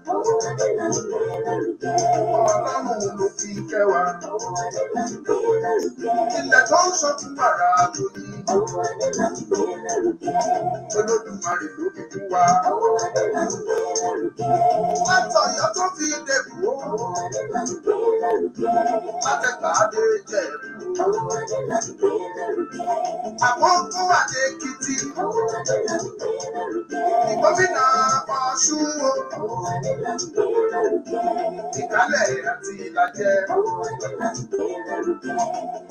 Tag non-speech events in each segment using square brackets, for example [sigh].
ọ̀rọ̀ you. ló fi kẹ́ wa. ilẹ̀ tó ń sọ fún wàrà tó ní. olódùmarè ló fi fún wa. látọ̀yọ́ tó fi dẹ̀kú. látẹ̀gbà dé jẹ̀. àkókò àti èkìtì. gómìnà ọ̀ṣun o ìkálẹ̀ àti ìlàjẹ.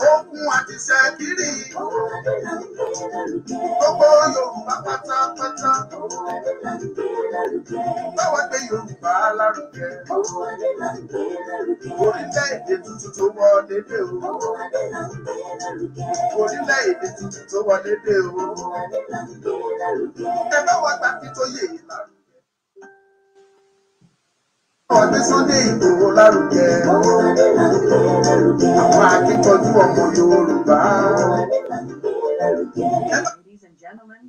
Okun àti sẹ́kírì. Gbogbo Yorùbá pátápátá. Báwa gbé Yorùbá lárugẹ. Orílẹ̀-èdè tuntun tó wọlé dé o. Orílẹ̀-èdè tuntun tó wọlé dé o. Ẹ bá wa gbà kí tó yè é lárugẹ. Ladies and gentlemen,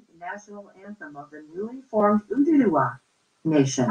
the national anthem of the newly formed Udiriwa Nation.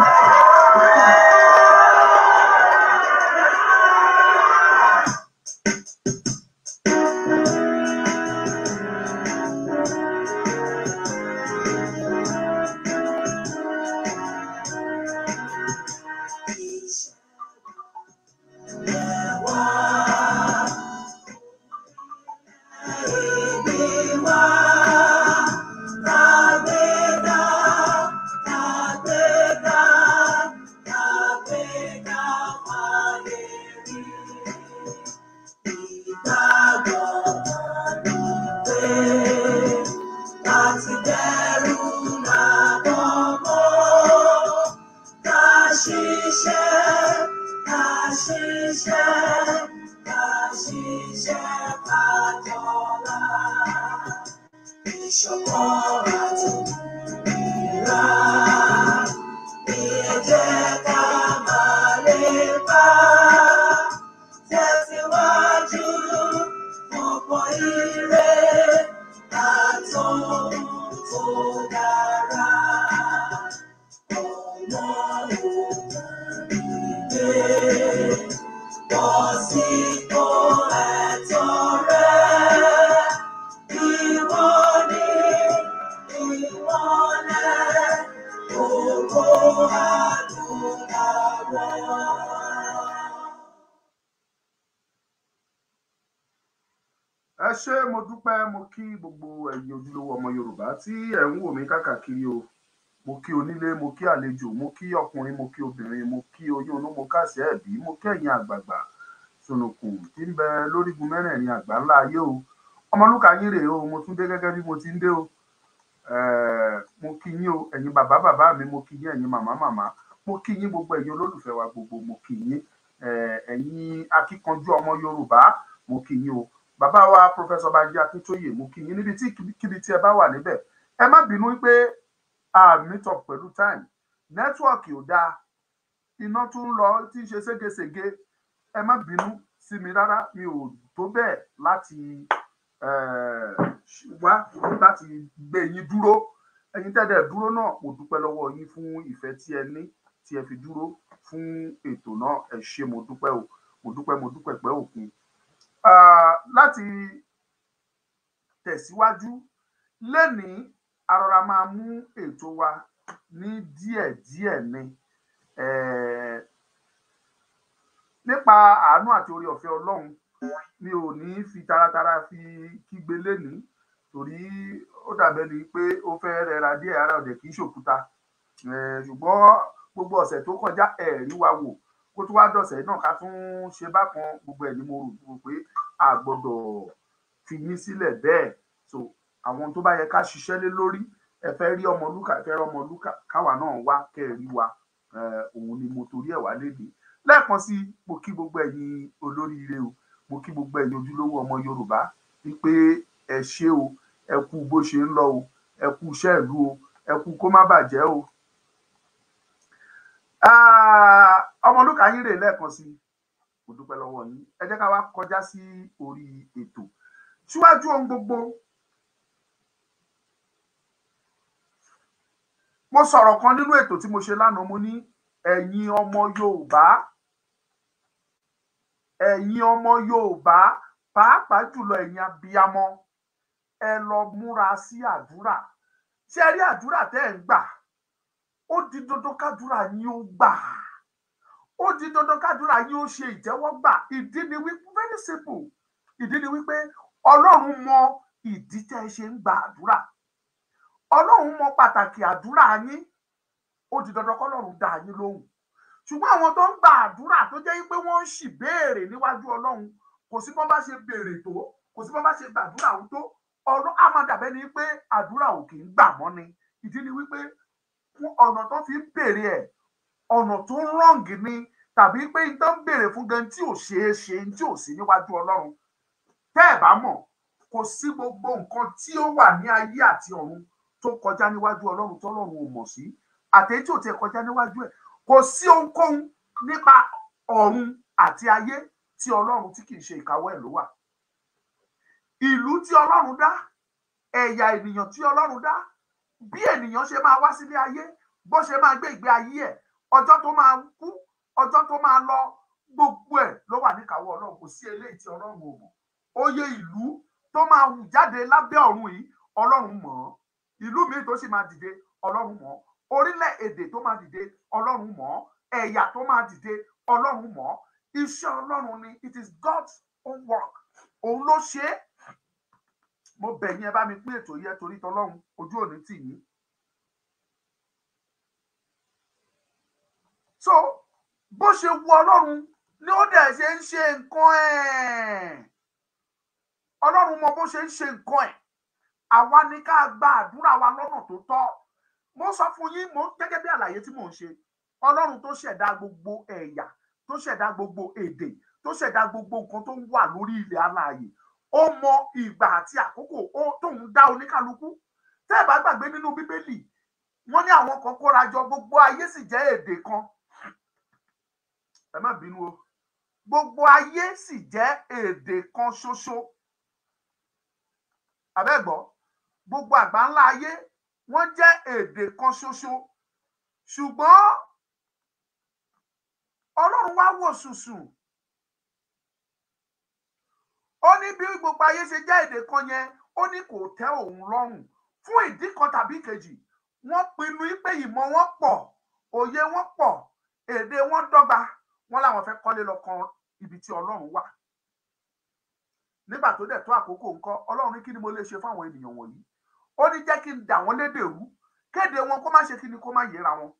àlejò mo kí ọkùnrin mo kí obìnrin mo kí oyúnú mo kàsẹ ẹbí mo kẹyìn àgbààgbà sọnùkùn tí ń bẹ lórígun mẹ́rẹ̀ẹ̀rin àgbáńlá ayé o ọmọlúkà yín rèé o mo tún dé gẹ́gẹ́ bí mo ti ń dé o mo kí yín o ẹ̀yin bàbá bàbá mi mo kí yín ẹ̀yin màmá màmá mo kí yín gbogbo ẹ̀yin olólùfẹ́ wa gbogbo mo kí yín ẹ̀yin akíkanjú ọmọ Yorùbá mo kí yín o bàbá wa Professor Banji Akíntóyè mo kí yín níbi tí kíbi tí ẹ bá wà níbẹ̀ ẹ má bínú pé a meet up pẹ̀lú time nẹ́tíwọ̀kì ò dáa iná tún ń lọ tí ń ṣe ségesège ẹ má bínú sí mi rárá mi ò tó bẹ́ẹ̀ láti wá láti gbé yín dúró ẹ̀yin tẹ́lẹ̀ dúró náà mo dúpẹ́ lọ́wọ́ yín fún ìfẹ́ tí ẹ ní tí ẹ fi dúró fún ètò náà ẹ ṣé mo dúpẹ́ o mo dúpẹ́ mo dúpẹ́ pẹ́ òkun láti tẹ̀síwájú lẹ́nìí arọra máa mú ètò wa ní díẹ̀díẹ̀ ni um nípa àánú àti oore ọ̀fẹ́ Ọlọ́run mi ò ní fi taratara fi kígbe lénìí torí ó dàbẹ ni pé ó fẹ́ rẹra díẹ̀ ara ọdẹ kì í ṣòkúta eh, ṣùgbọ́n gbogbo ọ̀sẹ̀ tó kọjá ẹ̀rí wa wò kó tó wá dọ̀sẹ̀ náà ká tún ṣe bákan gbogbo ẹ̀ ni mo rò pé a gbọ́dọ̀ fi yín sílẹ̀ bẹ́ẹ̀ so àwọn tó bá yẹ ká ṣiṣẹ́ lé lórí ẹ fẹ́ rí ọmọ lúkà ẹ fẹ́ rí ọmọ lúkà káwa náà wá kẹ́ẹ̀rí wa òun ni mo torí ẹ̀ wá léde lẹ́ẹ̀kan sí mo kí gbogbo ẹ̀yin olóríire o mo kí gbogbo ẹ̀yin ojúlówó ọmọ yorùbá wípé ẹ ṣé o ẹ kú bó ṣe ń lọ o ẹ kú iṣẹ́ ìlú o ẹ kú kó má bàjẹ́ o. ọmọlúkà yín rè lẹ́ẹ̀kan sí mo dúpẹ́ lọ́wọ́ yín ẹ jẹ́ ká wá kọjá sí orí ètò síwájú ohun gbogbo mo sọ̀rọ̀ kan nínú ètò tí mo ṣe lánàá mo ní ẹ̀yin ọmọ Yorùbá ẹ̀yin ọmọ Yorùbá pàápàá jùlọ ẹ̀yin abiyamọ ẹ lọ múra sí àdúrà ṣé ẹ rí àdúrà tẹ́ ẹ̀ ń gbà ó di dandan kádúrà yín ó gbà ó di dandan kádúrà yín ó ṣe ìtẹ́wọ́gbà ìdí ni wípé very simple ìdí ni wípé Ọlọ́run mọ ìdí tẹ́ ẹ ṣe ń gba àdúrà ọlọ́run mọ pàtàkì àdúrà yín ó di dandan kọ́lọ́run dá yín lóhùn ṣùgbọ́n àwọn tó ń gba àdúrà tó jẹ́ pé wọ́n ń sì béèrè níwájú ọlọ́run kò sí bọ́n bá ṣe béèrè tó kò sí bọ́n bá ṣe gbàdúrà ó tó ọ̀rọ̀ á máa dàbẹ́ ni pé àdúrà ò kì í gbà mọ́ ni ìdí ni wípé ọ̀nà tó fi ń béèrè ẹ̀ ọ̀nà tó ń rọ̀ǹgì ni tàbí pé n tó ń béèrè fún gan tí ò ṣeé ṣe tí ò sí níwájú ọlọ́run tẹ́ ẹ̀ bá mọ̀ kò sí gbogbo nǹkan tí ó wà ní ayé àti ọ̀run tó kọjá níwájú ọlọ́run tọ́lọ́run ò mọ̀ sí àtẹ̀yí tí ò tiẹ̀ kọjá níwájú ẹ̀ kò sí ohunkóhun nípa ọ̀run àti ayé tí ọlọ́run tí kìí ṣe ìkáwọ́ ẹ̀ ló wà ìlú tí ọlọ́run dá ẹ̀yà ènìyàn tí ọlọ́run dá bí ènìyàn ṣe máa wá sílé ayé bó ṣe máa gbé ìgbé ayé ẹ̀ ọjọ́ tó máa kú ọjọ́ tó máa lọ gbogbo ẹ̀ ló wà níkàáwọ́ ọlọ́run kò sí eléyìí tí ọlọ́run ò mọ̀ òye ìlú tó máa hù jáde lábẹ́ ọ̀run yìí ọlọ́run mọ̀ ọ́ ìlú mi tó sì máa dìde ọlọ́run mọ̀ orílẹ̀-èdè tó máa dìde ọlọ́run mọ̀ ẹ̀yà tó máa dìde ọlọ́run mọ̀ iṣẹ́ ọlọ́run ni it is God's own work òun ló ṣe é mo bẹ̀ yín ẹ bá mi pín ètò yẹ torí tọlọ́run ojú òní tì yín. so bó ṣe wu ọlọ́run ni ó dẹ̀ ṣe ń ṣe nǹkan ẹ̀ ọlọ́run mọ bó ṣe ń ṣe nǹkan ẹ̀ àwa ni ká gba àdúrà wa lọ́nà tó tọ́ mo sọ fún yín mo gẹ́gẹ́ bí àlàyé tí mò ń ṣe ọlọ́run tó ṣẹ̀dá gbogbo ẹ̀yà tó ṣẹ̀dá gbogbo èdè tó ṣẹ̀dá gbogbo nǹkan tó ń wà lórí ilẹ̀ alààyè ó mọ ìgbà àti àkókò tóun dá oníkálukú tẹ́ ẹ̀ bá gbàgbé nínú bíbélì wọ́n ní àwọn kan kóra jọ gbogbo ayé sì jẹ́ èdè kan ẹ má bínú o gbogbo ayé sì jẹ́ èdè kan ṣoṣo abẹ́gbọ́ gbogbo àgbà ńlá ayé wọ́n jẹ́ èdè kan ṣoṣo ṣùgbọ́n ọlọ́run wá wò sùsù ó ní bí gbogbo ayé ṣe jẹ́ èdè kan yẹn ó ní kò tẹ́ òun lọ́rùn fún ìdí kan tàbí kejì wọ́n pinnu pé ìmọ̀ wọn pọ̀ òye wọn pọ̀ èdè wọn dọ́gba wọn làwọn fẹ́ kọ́lé lọ kan ibi tí ọlọ́run wà nígbà tó dẹ̀ tó àkókò ńkọ́ ọlọ́run ní kí ni mo lè ṣe fáwọn ènìyàn wọ̀nyí ó ní jẹ́ kí n dà wọ́n lédè rú kéde wọn kó má ṣe kí ni kó má yẹra wọn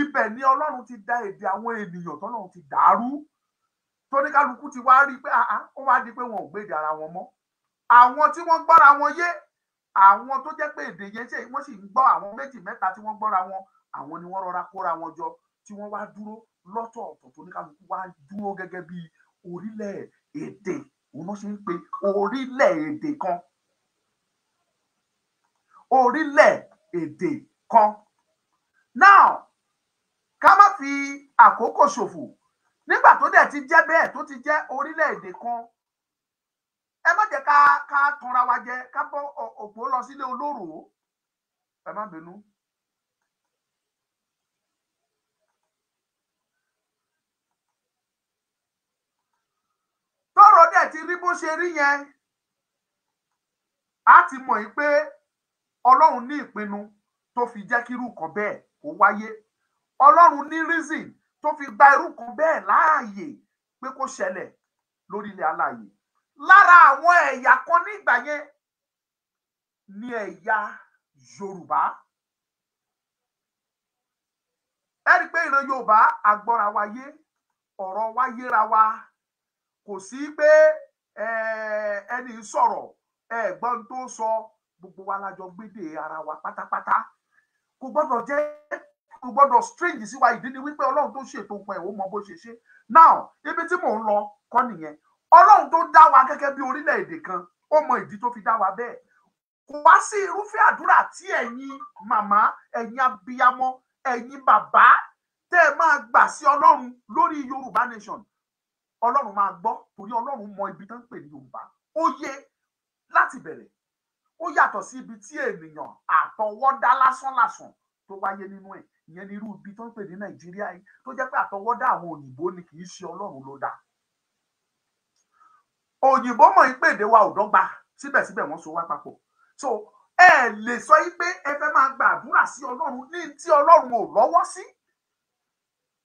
ibẹ̀ ni ọlọ́run ti da èdè àwọn ènìyàn tọ́lọ́run ti dàrú tóníkálukú ti wá rí i pé ó wá di pé wọn ò gbèdè ara wọn mọ́ àwọn tí wọ́n gbọ́ra wọn yé àwọn tó jẹ́ pé èdè yẹn ṣe wọ́n sì ń gbọ́ àwọn méjì mẹ́ta tí wọ́n gbọ́ra wọn àwọn ni wọ́n rọra kóra wọn jọ tí wọ́n wá dúró lọ́tọ̀ọ̀tọ̀ tóníkálukú wá dúró gẹ́gẹ́ bí orílẹ̀ èdè òun ló ṣe ń pe orílẹ̀ èdè kan orílẹ̀-èdè kan. now ká má fi àkókò ṣòfò nígbà tó dẹ̀ ti jẹ́ bẹ́ẹ̀ tó ti jẹ́ orílẹ̀-èdè kan ẹ má jẹ́ ká ká tanra wa jẹ ká bọ́ òpó lọ sílé olóró ẹ má bínú. tọ́rọ̀ dẹ̀ ti rí bó ṣe rí yẹn á ti mọ̀ yín pé ọlọ́run ní ìpinnu tó fi jẹ́ kí irú kan bẹ́ẹ̀ kó wáyé ọlọ́run ní reason tó fi gba irú kan bẹ́ẹ̀ láàyè pé kó ṣẹlẹ̀ lórí ilẹ̀ alàyè lára àwọn ẹ̀yà kan nígbà yẹn ni ẹ̀yà yorùbá ẹ rí i pé ìran yorùbá agbọ́ra wa ọ̀rọ̀ wa yéra wa kò sí pé ẹni sọ̀rọ̀ ẹ̀gbọ́n tó sọ. So, gbogbo wa lájọ gbédè ara wa pátápátá kò gbọ́dọ̀ jẹ́ kò gbọ́dọ̀ strange sí wa ìdí ni wípé ọlọ́run tó ṣètò nǹkan ẹ̀ ó mọ bó ṣe ṣe now ibi tí mò ń lọ kọ́ nìyẹn ọlọ́run tó dá wa gẹ́gẹ́ bí orílẹ̀-èdè kan ó mọ ìdí tó fi dá wa bẹ́ẹ̀ kò wá sí irúfẹ́ àdúrà tí ẹ̀yin màmá ẹ̀yin abiyamọ ẹ̀yin bàbá tẹ́ ẹ máa gbà sí ọlọ́run lórí yorùbá nation ọlọ́run máa gbọ́ torí ọlọ́run mọ ibi tó ń pè ní yorùbá ó yẹ láti bẹ̀rẹ̀ ó yàtọ̀ sí ibi tí ènìyàn àtọwọ́dá lásánlàsàn tó wáyé nínú ẹ̀ ìyẹn ní irú ibi tó ń pè ní nàìjíríà yìí tó jẹ́ pé àtọwọ́dá àwọn òyìnbó ni kì í ṣe ọlọ́run ló dá òyìnbó mọ̀ ń pèdè wa ò dọ́gba síbẹ̀síbẹ̀ wọ́n so wá papọ̀ so ẹ lè sọ yí pé ẹ fẹ́ máa gba àdúrà sí ọlọ́run ní tí ọlọ́run ò lọ́wọ́ sí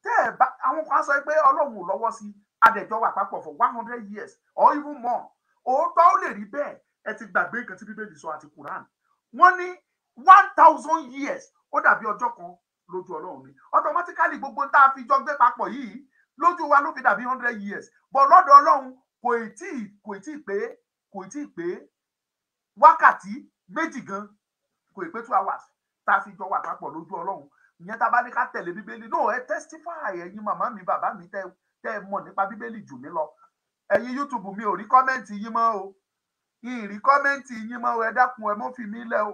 tẹ́ ẹ bá àwọn kan sọ pé ọlọ́run ò lọ́wọ́ sí adẹ̀jọ́ wà papọ̀ for one hundred years or even more òótọ́ ó lè rí bẹ́ẹ̀ ẹ ti gbàgbé nǹkan tí bíbélì sọ àti quran wọ́n ní one thousand years ó dàbí ọjọ́ kan lójú ọlọ́run ni automatically gbogbo tá a fi jọ gbé papọ̀ yìí lójú wa ló fi dàbí hundred years but lọ́dọ̀ ọlọ́run kò ì tí kò ì tí pé kò ì tí pé wákàtí méjì gan kò ì pé two hours tá a fi jọ wà papọ̀ lójú ọlọ́run ìyẹn tá a bá ní ká tẹ̀lé bíbélì náà ẹ testify ẹ̀yin màmá mi bàbá mi tẹ́ tẹ́ mọ̀ nípa bíbélì jù mí lọ ẹ̀yin youtube mi ò rí kọ́mẹ́ǹtì yín mọ́ o ìrì kọ́mẹ́ǹtì yín mọ́ ẹ dákun ẹ mọ́ fi mí lẹ́ o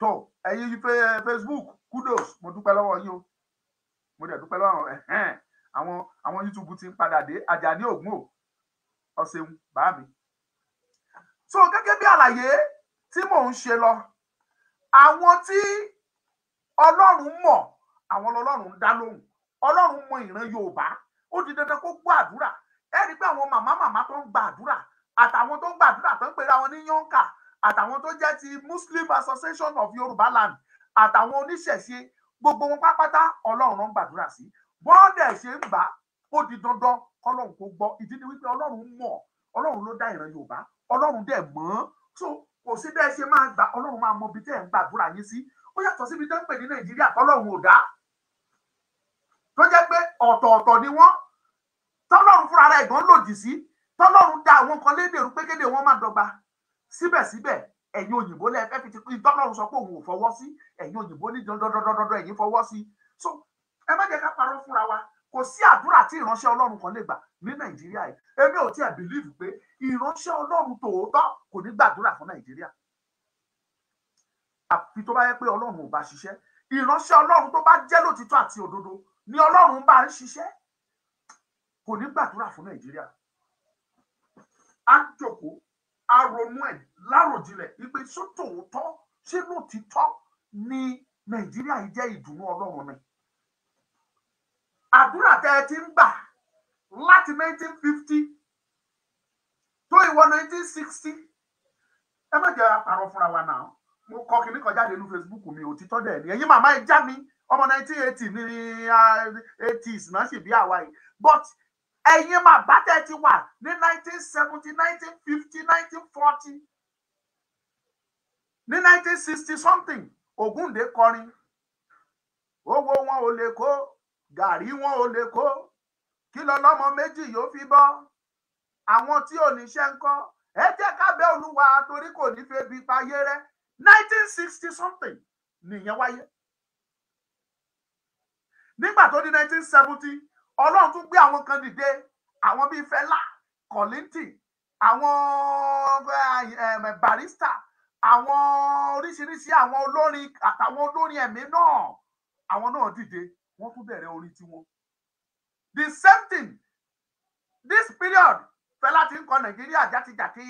tó ẹ̀yin facebook kudos mo dúpẹ́ lọ́wọ́ yín o mo dẹ̀ dúpẹ́ lọ́wọ́ ẹ̀hẹ́n àwọn àwọn youtube ti ń padà dé Àjàní Ògún o ọ̀sẹ̀hun bá mi. so gẹ́gẹ́ bí àlàyé tí mò ń ṣe lọ àwọn tí ọlọ́run mọ̀ àwọn ọlọ́run ń dá lóhùn ọlọ́run mọ ìran yorùbá ó di dandan kó gbọ́ àdúrà ẹ i pé àwọn màmá màmá tó ń gba àdúrà àtàwọn tó ń gbàdúrà tó ń pera wọn ní yonka àtàwọn tó jẹ́ ti muslim association of Yoruba land àtàwọn oníṣẹ̀ṣe gbogbo wọn pápátá ọlọ́run ń gbàdúrà sí bọ́ọ̀dẹ̀ ṣe ń gbà ó di dandan kọ́lọ́run kó gbọ́ ìdí ni wípé ọlọ́run mọ̀ ọlọ́run ló dá ìran yorùbá ọlọ́run dẹ̀ mọ̀ so kò sí bẹ́ẹ̀ ṣe máa gbà ọlọ́run máa mọ ibi tẹ́ ẹ̀ ń gbàdúrà yín sí ó yàtọ̀ síbi tó ń pè ní nàìjíríà tọ́lọ́run ò dá tó jẹ́ pé ọ̀tọ̀ọ̀tọ̀ ni wọ́n tọ́lọ́run fúnra rẹ̀ gan lòdì sí tọ́lọ́run dá àwọn kan lédèrú pé kéde wọn máa dọ́gba síbẹ̀síbẹ̀ ẹ̀yin òyìnbó lẹ fẹ́ fi ti pín tọ́lọ́run sọ pé òun ò fọwọ́ sí ẹ̀yin òyìnbó ní dandandandandandan ẹ̀yin fọwọ́ sí so ẹ má jẹ́ ká parọ́ fúnra wa kò sí àdúrà tí ìránṣẹ́ ọlọ́run kan lè gbà ní nàìjíríà yìí èmi ò tiẹ̀ bìlíìfù pé ìránṣẹ́ ọlọ́run tòótọ́ kò ní gbàdúrà fún nàìjíríà àfi tó bá yẹ pé ọlọ́run ò bá ṣiṣẹ́ ìránṣẹ́ ọlọ́run tó bá jẹ́ lòtítọ́ àti òdodo ni ọlọ́run bá ń ṣiṣẹ́ kò ní gbàdúrà fún nàìjíríà a jòkó á ronú ẹ̀ láròjinlẹ̀ ìpè sótòótọ́ ṣé lótìtọ́ ni nàìjíríà yìí jẹ́ ìdùnnú ọlọ́run ni. àdúrà tẹ́ ẹ ti ń gbà láti 1950 tó ìwọ 1960 ẹ má jẹ́ àpàrọ̀ fúnra wa náà mo kọ kìnní kan jáde ní facebook mi òtítọ́ dẹ̀ ni ẹ̀yin màmá ẹ já mi ọmọ 1980 ní 80s náà sì bí àwa yìí but ẹ̀yin máa bá tẹ̀ ti wà ní nineteen seventy nineteen fifty nineteen forty ní nineteen sixty something Ògúndé kọrin owó wọn ò lè kó gàrí wọn ò lè kó kí lọlọ́mọ méjì yóò fi bọ́ àwọn tí ò níṣẹ́ ń kọ́ ẹ jẹ́ ká Olúwa torí kò ní fẹ́ bí payé rẹ nineteen sixty something nìyẹn wáyé nígbà tó di nineteen seventy ọlọ́run tún gbé àwọn kan dìde àwọn bíi Fẹlá Kọ̀lìntì àwọn eh, eh, Barrister àwọn oríṣiríṣi àwọn olórin àtàwọn olórin ẹ̀mí náà àwọn náà dìde wọ́n tún bẹ̀rẹ̀ orin tiwọn. the same thing this period Fẹlá ti ń kọ Nàìjíríà játijàti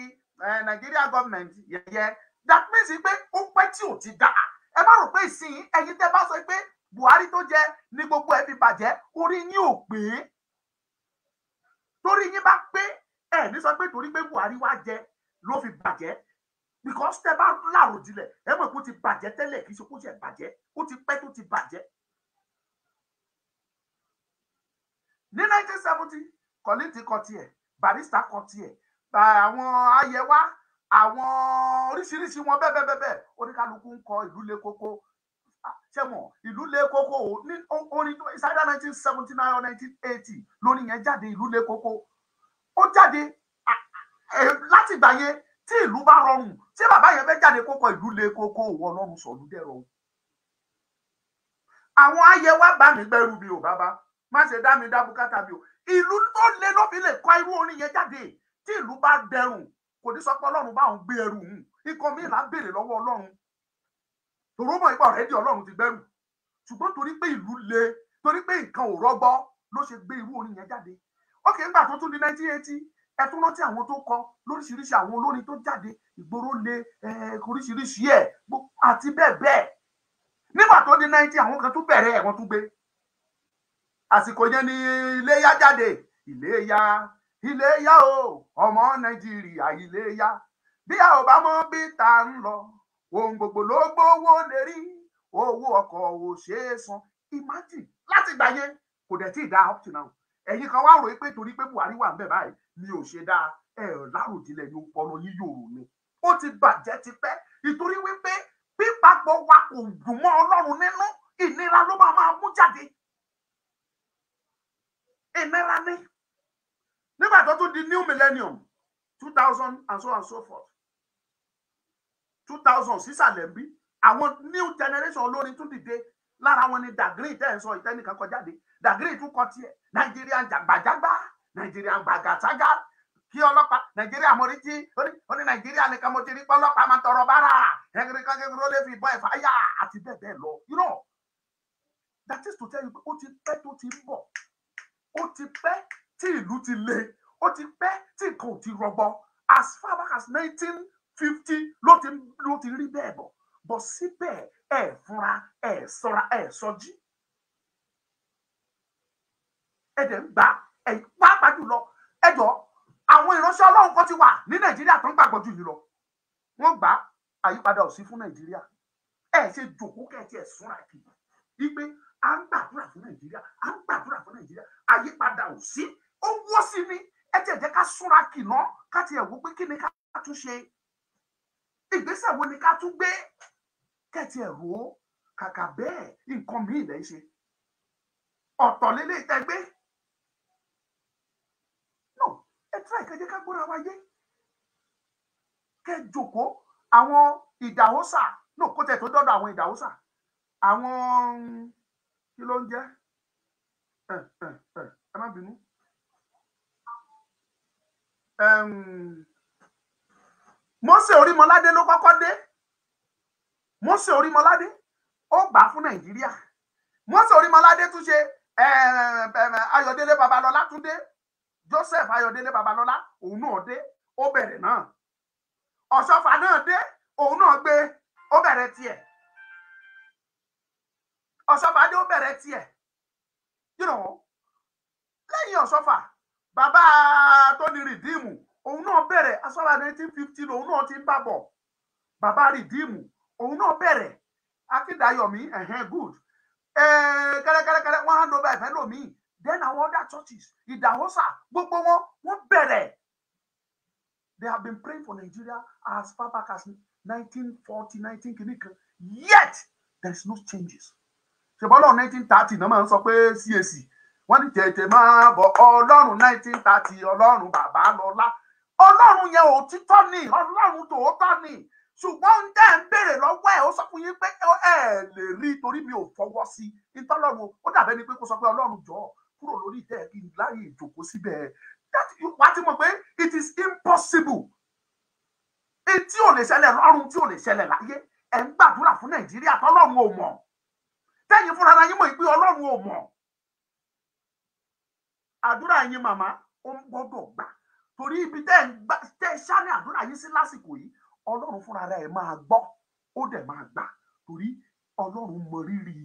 eh, Nàìjíríà gọọmenti yẹyẹ that means pé ó pẹ́ tí ò ti dá ẹ má rò pé ìsìn ẹ̀yin tẹ́ bá sọ pé Buhari tó jẹ ní gbogbo ẹ fi bàjẹ́ orí yín ò pé torí yín bá pé ẹ sọ pé torí pé Buhari wá jẹ ló fi bàjẹ́ because tẹ bá láàrò jinlẹ̀ ẹ mọ̀ pé ó ti bàjẹ́ tẹ́lẹ̀ kì í ṣe kó ṣe bàjẹ́ ó ti pẹ́ tó ti bàjẹ́. ní nineteen seventy kọ́lìtì kan tiẹ̀ barista kan tiẹ̀ àwọn ayẹwà àwọn oríṣiríṣi wọn bẹ́ẹ̀ bẹ́ẹ̀ bẹ́ẹ̀ oníkálukú ń kọ ìlú le koko ṣẹmọ ìlú lé kókó o ní orin ṣáájú nineteen seventy nine or nineteen eighty lórin yẹn jáde ìlú lé kókó ó jáde láti gbà yẹn tí ìlú bá rọrùn tí bàbá yẹn fẹ́ jáde kókó ìlú lé kókó òwò ọlọ́run sọ̀lú dẹ̀rọ̀ o. àwọn ayé wa bá mi gbẹrù mi ò bàbá má ṣe dá mi dá bùkátà mi o ìlú tó lé ló fi lè kọ irú orin yẹn jáde tí ìlú bá dẹrùn kò ní sọ pé ọlọ́run bá òun gbé ẹrù hùn ikọ̀ mi là ń tòró mọ̀ ipa ọ̀rẹ́dì ọlọ́run ti gbẹ́rù ṣùgbọ́n torí pé ìlú le torí pé nǹkan ò rọgbọ ló ṣe gbé irú orin yẹn jáde ókè ńgbà tó tún di nineteen eighty ẹ tún rántí àwọn tó kọ lóríṣiríṣi àwọn olórin tó jáde ìgboro le oríṣiríṣi ẹ àti bẹ́ẹ̀ bẹ́ẹ̀ nígbà tó di nineteen àwọn kan tún bẹ̀rẹ̀ ẹ̀wọ̀n tún gbé àsìkò yẹn ni iléyá jáde iléyá iléyá o ọmọ nàìjíríà iléyá bí a ò bá mọ bí ta ń lọ ohun gbogbo ló gbówó lè rí owó ọkọ̀ ò ṣeé san imagine láti gbàyé kò dẹ̀ tí ì dá up to now ẹ̀yin kan wá rò pé torí pé Buhari wà ń bẹ̀ báyìí mi ò ṣe dáa ẹ̀ láròjinlẹ̀ ni ọ̀rọ̀ yín yòrò ni ó ti bàjẹ́ tipẹ́ ìtorí wípé pípapọ̀ wa kò dùn mọ́ Ọlọ́run nínú ìnira ló máa máa mú jáde ìnira ni nígbà tó tún di new millennium two thousand and so and so forth two thousand sísàlẹ̀ bí àwọn new generation olórin tún dìde lára wọn ni dàgírì tẹ́ ẹ̀ sọ ìtẹ́nìkan kọjáde dàgírì tún kọ tiẹ̀ nàìjíríà jàgbàjàgbà nàìjíríà gbàgàtàgà kí ọlọ́pàá nàìjíríà mọ̀rí jí ó ní nàìjíríà nìkan mo ti rí pé ọlọ́pàá máa tọrọ bára ẹ̀rí kan kí ló lè fi ìbọn ẹ̀fà yà àti bẹ́ẹ̀ bẹ́ẹ̀ lọ you know that is to tell you pé ó ti pẹ́ tó ti ń bọ̀ ó ti pẹ́ tí ìlú ti le ó ti pẹ́ tí nǹkan ò ti rọgbọ as far back as nineteen 19 fifty ló ti ló ti rí bẹ́ẹ̀ bọ̀ bọ̀ síbẹ̀ ẹ̀ fúnra ẹ̀ sọra ẹ̀ sọjí ẹ̀ dẹ̀ ń gbà ẹ̀ pàápàá jùlọ ẹ̀ jọ àwọn ìránṣẹ́ ọlọ́run kan ti wà ní nàìjíríà tó ń gbàgbọ́ jù yìí lọ wọ́n gbà àyípadà ò sí fún nàìjíríà ẹ̀ ṣe jòkó kẹ̀kẹ́ ẹ̀ súnra kiri wípé à ń gbàdúrà fún nàìjíríà à ń gbàdúrà fún nàìjíríà àyípadà ò sí ó wọ́ sí ni ẹ jẹ́ jẹ́ ká súnra kì náà ká tiẹ̀ wò pé kí ni ká tún ṣe ìgbésẹ̀ wo ni ká tún gbé kẹ́tì ẹ̀rọ kàkà bẹ́ẹ̀ nǹkan míì lẹ́ ṣe ọ̀tọ̀ lélẹ́ ìtẹ́gbé no ẹ tíra ìkẹjẹ ká gbóra wáyé kẹ́ jókòó àwọn ìdáhósà no kó tẹ̀ tó dọ́dọ̀ àwọn ìdáhósà àwọn kí ló ń jẹ́ ẹ ẹ má bínú. Mósè Orímọládé ló kọ́kọ́ dé Mósè Orímọládé ó gbà fún Nàìjíríà Mósè Orímọládé tún ṣe eh, eh, eh, Ayọ̀délé Babalọ́lá tún dé Joseph Ayọ̀délé Babalọ́lá òun náà dé ó bẹ̀rẹ̀ náà Ọ̀ṣọ́fà náà dé òun náà gbé ó bẹ̀rẹ̀ tiẹ̀ Ọ̀ṣọ́fà dé ó bẹ̀rẹ̀ tiẹ̀ you know lẹ́yìn Ọ̀ṣọ́fà bàbá tó ní rìdíìmù òun náà bẹ̀rẹ̀ asọ́ra nineteen fifty lòun náà ti ń bà bọ̀ bàbá rìdíìmù òun náà bẹ̀rẹ̀ akíndayọ̀mí ẹ̀hẹ́n good kẹ́lẹ́kẹ́lẹ́kẹ́lẹ́ wọ́n hand over ẹ̀fẹ́ lòmíì then àwọn other churches ìdàwọ́sà gbogbo wọn wọ́n bẹ̀rẹ̀ they have been praying for Nigeria as far back as nineteen forty nineteen kìnnìkan yet there is no changes ṣèbọ́lọ̀ nineteen thirty náà máa ń sọ pé CAC wọ́n ní tètè máa bọ̀ ọlọ́run nineteen thirty ọlọ́run bàbá lọ́lá ọlọ́run yẹn òtítọ́ ni ọlọ́run tòótọ́ ni ṣùgbọ́n ń dẹ́ ń béèrè lọ́wọ́ ẹ̀ ó sọ fún yín pé ẹ lè rí i torí mi ò fọwọ́ sí i ìtọ́lọ́run ó dàbẹ́ ni pé kó sọ pé ọlọ́run jọ kúrò lórí ìtẹ́ kí n láàyè ìjòkó síbẹ̀ wá ti mọ̀ pé it is impossible tí ò lè ṣẹlẹ̀ lọ́run tí ò lè ṣẹlẹ̀ láyé ẹ̀ ń gbàdúrà fún nàìjíríà tọ́lọ́run ò mọ̀ tẹ́yìn fúnra ara yín mọ̀ pé ọlọ́run ò mọ̀ àdúrà yín màmá ó ń gbọ́dọ̀ gbà torí ibi tẹ́ ń gbà tẹ́ ń ṣáni àdúrà yín sí lásìkò yìí ọlọ́run fúnra rẹ̀ máa gbọ́ ó dẹ̀ máa gbà torí ọlọ́run mọ rírì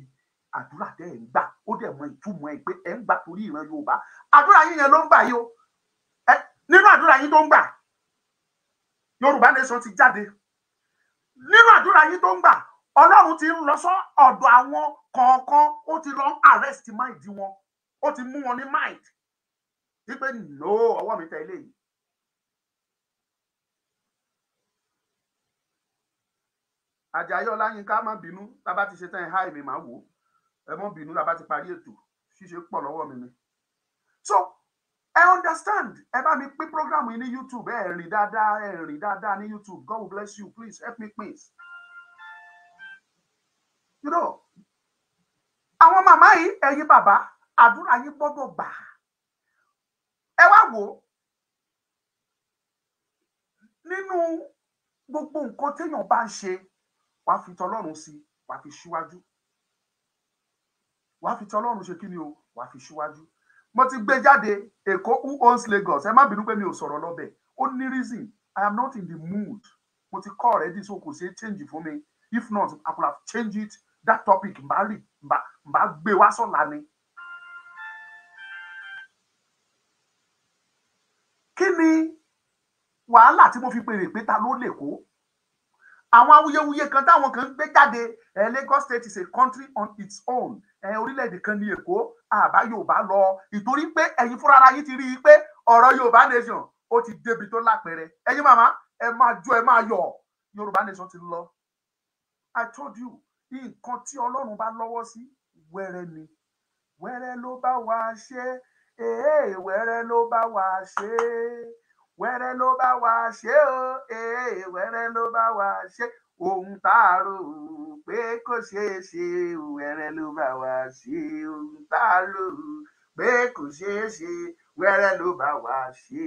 àdúrà tẹ́ ń gbà ó dẹ̀ mọ ìtumọ̀ ẹ̀ pé ẹ̀ ń gbà torí ìran yorùbá àdúrà yín yẹn ló ń gbà yìí o nínú àdúrà yín tó ń gbà yorùbá nation ti jáde nínú àdúrà yín tó ń gbà ọlọ́run ti ń lọ sọ ọ̀dọ̀ àwọn kọ̀ọ̀kan ó ti lọ ń arrest mind wọn ó ti mú wọn ní mind wípé no ọwọ́ mi tẹ eléyìí Àjàyí Ọláyínká má bínú tá ti ṣe tán ẹ há èmi máa wò ẹ má bínú tá ti parí ètò ṣíṣe pọ̀ lọ́wọ́ mi ni. so I understand ẹ bá mi pín program yìí ní YouTube ẹ rìn dáadáa ẹ rìn dáadáa ní YouTube God will bless you please help me please. you know àwọn màmá yìí ẹ̀yin bàbá àdúrà yín gbọ́dọ̀ gbà ẹ wá wò ó nínú gbogbo nǹkan téèyàn bá ń ṣe wàá fi tọlọ́run sí i wàá fi síwájú wàá fi tọlọ́run ṣe kí ni o wàá fi síwájú mo ti gbé jáde èkó who owns Lagos ẹ má bínú pé mi ò sọ̀rọ̀ lọ́bẹ̀ ó ní reason I am not in the mood mo ti kọ́ ready, so kò ṣe é change fún mi if not I could have changed it that topic mbà rí mbà gbé wá sọ̀la ni. kí ni wàhálà tí mo fi pèrè pé ta ló lè kó àwọn awuyewuye kan táwọn kan gbé jáde ẹ eh, Lagos state is a country on its own ẹ eh, orílẹ̀-èdè kan ní Èkó àbá Yorùbá lọ ìtorí pé ẹ̀yin fúnra ara yín ti rí i pé ọ̀rọ̀ Yorùbá nation ó ti débi tó lápẹẹrẹ ẹ̀yin màmá ẹ máa jó ẹ máa yọ̀ Yorùbá nation ti lọ I told you nǹkan tí Ọlọ́run bá lọ́wọ́ sí wẹ́rẹ́ ni wẹ́rẹ́ ló bá wa ṣe èè eh, wẹ́rẹ́ ló bá wa ṣe é wẹ́rẹ́ ló bá wa ṣe o ee eh, wẹ́rẹ́ ló bá wa ṣe ohun tá a rò pé kò ṣeé ṣe wẹ́rẹ́ ló bá wa ṣe ohun tá a rò pé kò ṣeé ṣe wẹ́rẹ́ ló bá wa ṣe.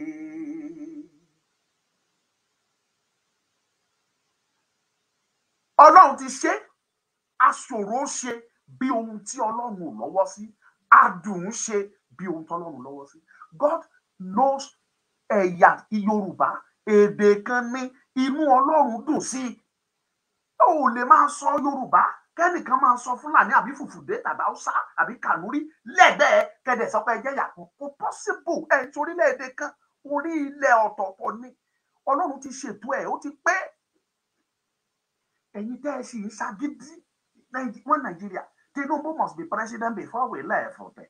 ọlọ́run ti ṣe aṣòro ṣe bí ohun tí ọlọ́run lọ́wọ́ sí adùn ṣe bí ohun tí lọ́wọ́ sí God knows ẹ̀yà ti Yorùbá èdè kan ní inú Ọlọ́run dùn sí i ó lè máa sọ Yorùbá kẹ́nìkan máa sọ Fúlàní àbí Fùfùdé tàbí Haúsá àbí Kànúrí lẹ́gbẹ̀ẹ́ kẹ́dẹ̀ sọ pé ẹ jẹ́ yàtọ̀ kò pọ́sibù ẹ̀ torílẹ̀-èdè kan orí ilẹ̀ ọ̀tọ̀ọ̀tọ̀ ni Ọlọ́run ti ṣètò ẹ̀ ó ti pé ẹ̀yin tẹ́ ẹ sì ń ṣagídí wọn Nàìjíríà Tinubu must be president before we left ọ̀tẹ̀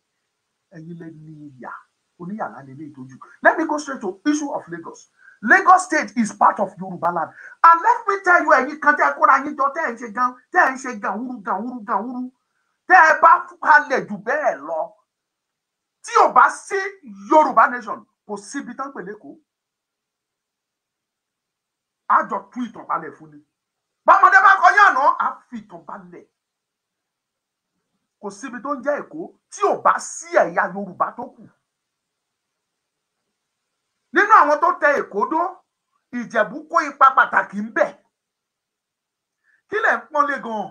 ẹ̀yin lè ní ìyà oníyàrá lélẹ̀ ìtọ́jú let me go straight to issue of Lagos Lagos state is part of Yoruba land and let me tell you ẹ̀yin kan tẹ́ ẹ kóra yín jọ tẹ́ ẹ ń ṣe gan tẹ́ ẹ ń ṣe gan wúru gan wúru gan wúru tẹ́ ẹ bá halẹ̀ jù bẹ́ẹ̀ lọ tí ò bá sí Yorùbá nation kò síbi tán pèlè kó àjọ tú ìtàn balẹ̀ fún ni bámọdé bá kọ yànnà á fi ìtàn balẹ̀ kò síbi tó ń jẹ́ Èkó tí ò bá sí ẹ̀yà Yorùbá tó kù nínú àwọn tó tẹ èkó dó ìjẹ̀bú kó ipa pàtàkì ń bẹ kí lẹ̀ ń pọ́nlé gan-an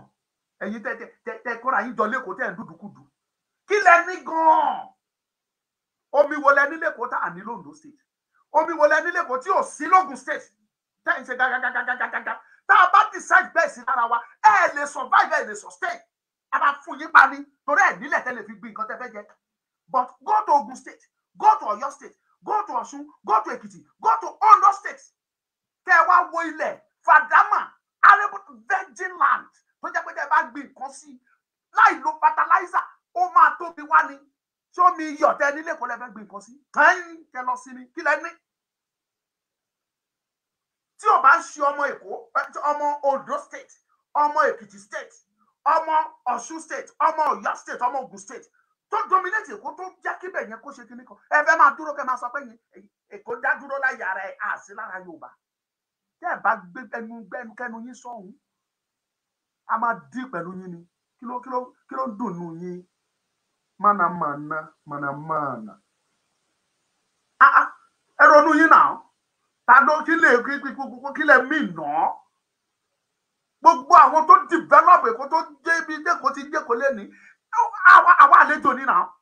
ẹ̀yin tẹ tẹ tẹ kọ́ra yín jọ lẹ́kọ̀ọ́ tẹ̀ ń dúdúkúdú kí lẹ ní gan-an omi wo lẹ ní lẹ́kọ̀ọ́ tá à ní londo state omi wo lẹ ní lẹ́kọ̀ọ́ tí ò sí logun state tẹ̀ ń ṣe gàgàgàgàgàgà tá a bá decide bẹ́ẹ̀ sí lára wa ẹ lè survive ẹ lè sustain a bá fún yín pani torí ẹ nílẹ̀ tẹ́ fi gbin nǹkan tẹ́ fẹ́ jẹ but go to Ogun state go to Ọ̀yọ́ state go to Ọ̀ṣun go to Ekiti, go to Ondo state kẹ́ ẹ wá wo ilẹ̀ fadama arable virgin land tó jẹ́ pé tẹ́ ẹ bá gbin nǹkan sí láì lo fertilizer ó máa tóbi wá ni ṣé omi iyọ̀ tẹ nílé kò lè fẹ́ gbin nǹkan sí kẹ́yìn kẹ lọ sí ni kí lẹ ní. tí o bá ń ṣe ọmọ Èkó ọmọ Ondo state ọmọ Èkìtì state ọmọ Ọ̀ṣun state ọmọ Ọ̀yọ́ state ọmọ Ògùn state tó dominate èkó tó já kíbẹ̀ yẹn kó ṣe kíní kan ẹ fẹ́ máa dúró kẹ́ máa sọ pé yẹn èkó dá dúró láyà rẹ̀ àti lára Yorùbá tẹ́ ẹ bá gbé ẹnu gbẹnu yín sọ̀hún a máa dín pẹ̀lú yín ni kí ló kí ló kí ló dùn nù yín mànàmáná mànàmáná ẹ ronú yín náà ta ló kí lè kí lè mí náà gbogbo àwọn tó develop èkó tó dé ibi dẹ́kọ̀ ti dẹ́kọ̀ lẹ́nìí àwa àwa àlejò ni now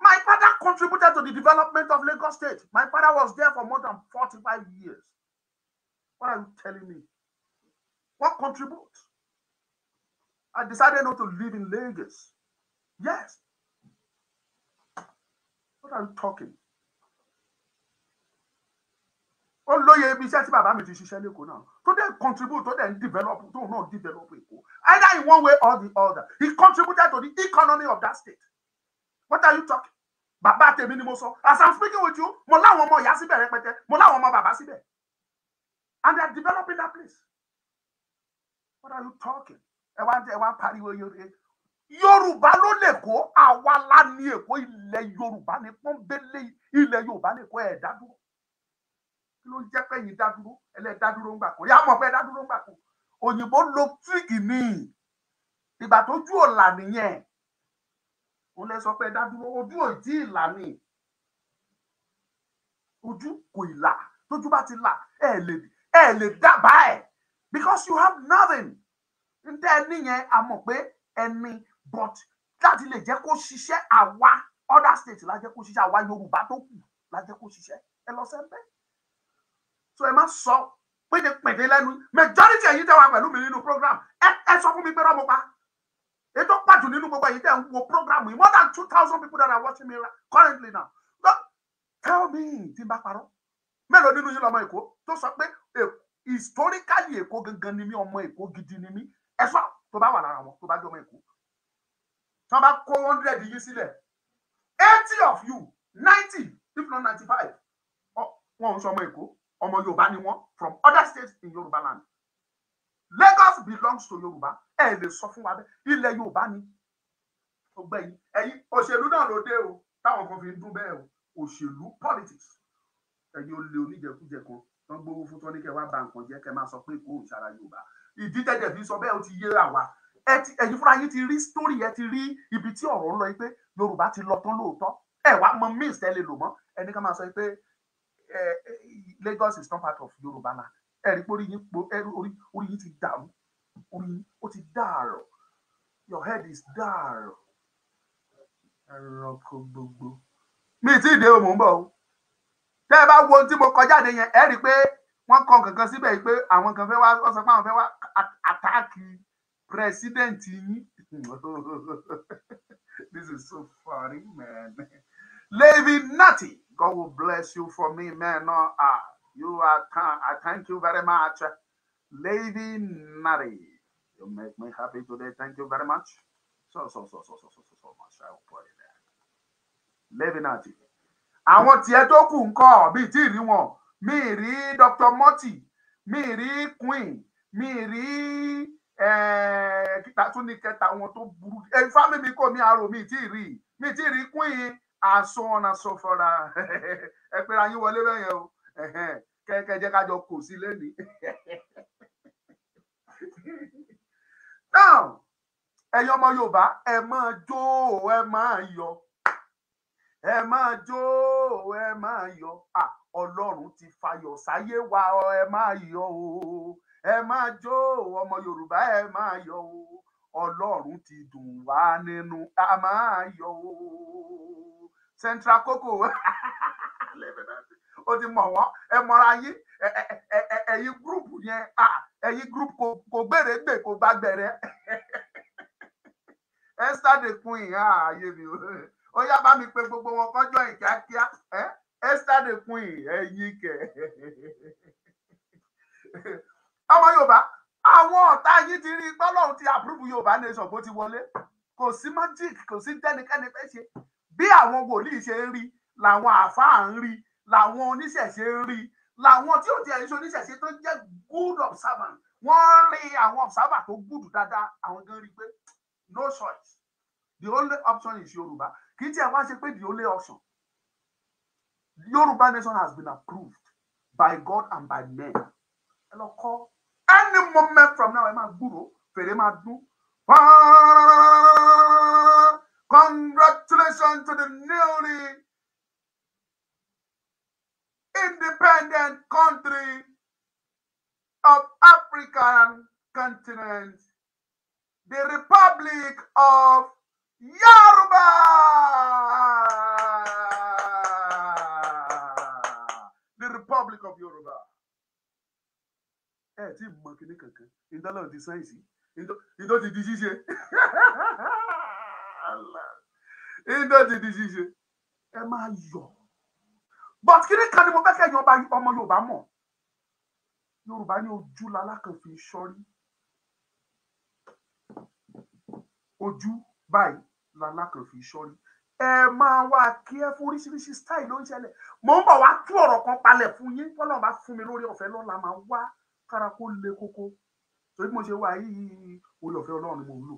my father contributed to the development of Lagos State my father was there for more than forty-five years what are you telling me what contribute I decided not to live in Lagos yes what are you talking Oh ó lóye ibi iṣẹ́ tí bàbá mi ti ṣiṣẹ́ lẹ́kọ̀ọ́ náà tó dẹ̀ contribute to dẹ̀ develop tó náà develop èkó either in one way or the other he contributed to the economy of that state what are you talking bàbá tèmi ni mo sọ as i'm speaking with you mo láwọn ọmọ ìyá síbẹ̀ rẹpẹtẹ mo láwọn ọmọ bàbá síbẹ̀ and they are developing that place what are you talking ẹ wá ẹ wá pariwo yorùbá yorùbá ló lè kó àwa lá ní èkó ilẹ̀ yorùbá ní pọ́nbélé ilẹ̀ yorùbá lè kó ẹ̀dá dúró ló ń jẹ́ pẹ́yìn dádúró ẹlẹ́ dádúró ń gbà kó rí àmọ́ pé dádúró ń gbà kó òyìnbó lo tíríkì ní ìgbà tó ojú ọ̀la nìyẹn ó lẹ sọ pé dádúró ojú ò tí ì là ní ojú kò ì là tójú bá ti là ẹ lè ẹ lè dábàá ẹ because you have nothing ń tẹ́ ẹ níyẹn àmọ́ pé ẹni but láti lè jẹ́ kó ṣiṣẹ́ àwa other state la jẹ́ kó ṣiṣẹ́ àwa Yorùbá tó kù la jẹ́ kó ṣiṣẹ́ ẹ lọ sẹ́ńpẹ́ so ẹ má sọ pédepèdè lẹ́nu majority ẹ̀yin tẹ́ wà pẹ̀lú mi nínú program ẹ sọ fún mi pé rọ́mọ pa ètò pàtó nínú gbogbo ẹ̀yin tẹ́ ń wo program yìí more than two thousand people that are watching me currently now no tell me tí n bá parọ́ mélòó nínú yín lọ́mọ èkó tó sọ pé historically èkó gangan ni mí ọmọ èkó gidi ni mí ẹ sọ tó bá wà lára wọn tó bá jọmọ èkó tí wọn bá kó hundred yìí sílẹ̀ eighty of you ninety if not ninety five wọn ò sọ ọmọ èkó ọmọ yorùbá ni wọn from other states in yorùbá land lagos belongs to yorùbá ẹ lè sọ fún wa bẹ ilẹ̀ yorùbá ni ọgbẹyìn ẹ̀yin òṣèlú náà ló dé o táwọn kan fi ń dún bẹ́ẹ̀ o òṣèlú politics ẹ̀yin olè oníjẹkújẹ kan wọn gbowó fún tọ́ ní kẹ́ wá ba nǹkan jẹ́ kẹ́ máa sọ pé kò ń ṣara yorùbá ìdí tẹ́jẹ̀ fi sọ bẹ́ẹ̀ ó ti yé àwa ẹ̀yin fúnra yín ti rí story ẹ ti rí ibi tí ọ̀rọ̀ ń lọ yìí pé yorùbá ti lọ tán lóòótọ́ ẹ wá mọ means tẹ́ lè lò mọ́ ẹni ká máa sọ pé Lagos is not part of Yoruba na ẹ̀rí pé po orí ti dàrú orí ó ti dàrọ̀ your head is ẹranko gbogbo mi ti dé o mò ń bọ̀ o tẹ́ ẹ bá wo ohun tí mo kọjá de yẹn ẹ rí i pé wọ́n kọ kankan síbẹ̀ pé àwọn kan fẹ́ wá wọ́n sọ pé àwọn fẹ́ wá àtàkì president yín [laughs] this is so funny man Levi Nati. God will bless you for me, man. No, ah, you are I thank you very much. Lady Mary, you make me happy today. Thank you very much. So, so, so, so, so, so, so, so much. I will put it there. Lady Nati. Àwọn tiẹ̀ tó kù ń kọ́ bíi tí ìrí wọn, mi rí Dr. Morty, mi rí Queen, mi rí kíta eh, tún ní kẹta wọn tó burú. Ẹ̀yin fámìlì kò mí àrò mi ì tí ì rí, mi ì rí Queen aṣọ ọ̀nà sọ̀fọ̀rà ẹ pé ayé wọlé bẹ́yẹn o [laughs] kẹ́kẹ́ jẹ́ kájọ kò sí lẹ́nìí. [laughs] now ẹ̀yin ọmọ Yorùbá ẹ máa jó ẹ máa yọ ẹ máa jó ẹ máa yọ Ọlọ́run ti fayọ̀ sáyé wa ẹ máa yọ o ẹ máa jó ọmọ Yorùbá ẹ máa yọ o Ọlọ́run ti dùn wá nínú a máa yọ o central coco [laughs] ó ti mọ̀ wọ́n ẹ mọ̀ra yín ẹ̀yin gúrùpù yẹn ẹ̀yin gúrùpù kò gbèrè gbè kò bá gbẹ̀rẹ̀ [laughs] esther de kun ìhà ààyè mi ó yá bá mi pe gbogbo wọn kọjọ ẹ kíákíá esther de kun ẹ̀yin kẹ [laughs] ọmọ yorùbá àwọn ọ̀tá yín ti rí i pé ọlọ́run ti àpúrúbù yorùbá nation bó ti wọlé kò sí magic kò sí tẹnikẹ́ni fẹ́ ṣe bí àwọn wòlíì ṣe ń rí làwọn àáfàá ń rí làwọn oníṣẹ̀ṣe ń rí làwọn tí ò tiẹ̀ ń ṣe oníṣẹ̀ṣe tó jẹ́ good observer wọ́n rí àwọn observer tó good dáadáa àwọn gan rí pé no choice the only option is yorùbá kì í tiẹ̀ wá ṣe pé the only option yorùbá nation has been approved by God and by men ẹ lọ kọ́ any moment from now ẹ máa gbúrò fèrè máa dún. Congratulations to the newly independent country of African continent, the Republic of Yoruba. The Republic of Yoruba. ẹ ti mọ kinní kankan ìdánlọ́ọ̀dì sáyẹ́nsì Indo, ti di ṣíṣe. [laughs] iná dìdí decision? Am I yọ̀ but kí ni kan ni mo fẹ́ kẹ́yìn ọmọ Yorùbá mọ̀ Yorùbá ní ojú lalákànfin sọ́rí ojú báyìí lalákànfin sọ́rí ẹ máa wá kí ẹ fún style ló ń ṣẹlẹ̀ mò ń bọ̀ wá tú ọ̀rọ̀ kan palẹ̀ fún yín tọ́lá bá fún mi lórí ọ̀fẹ́ lọ́la máa wá kára le koko torí mo ṣe wá yìí olùfẹ́ Ọlọ́run mo ń lò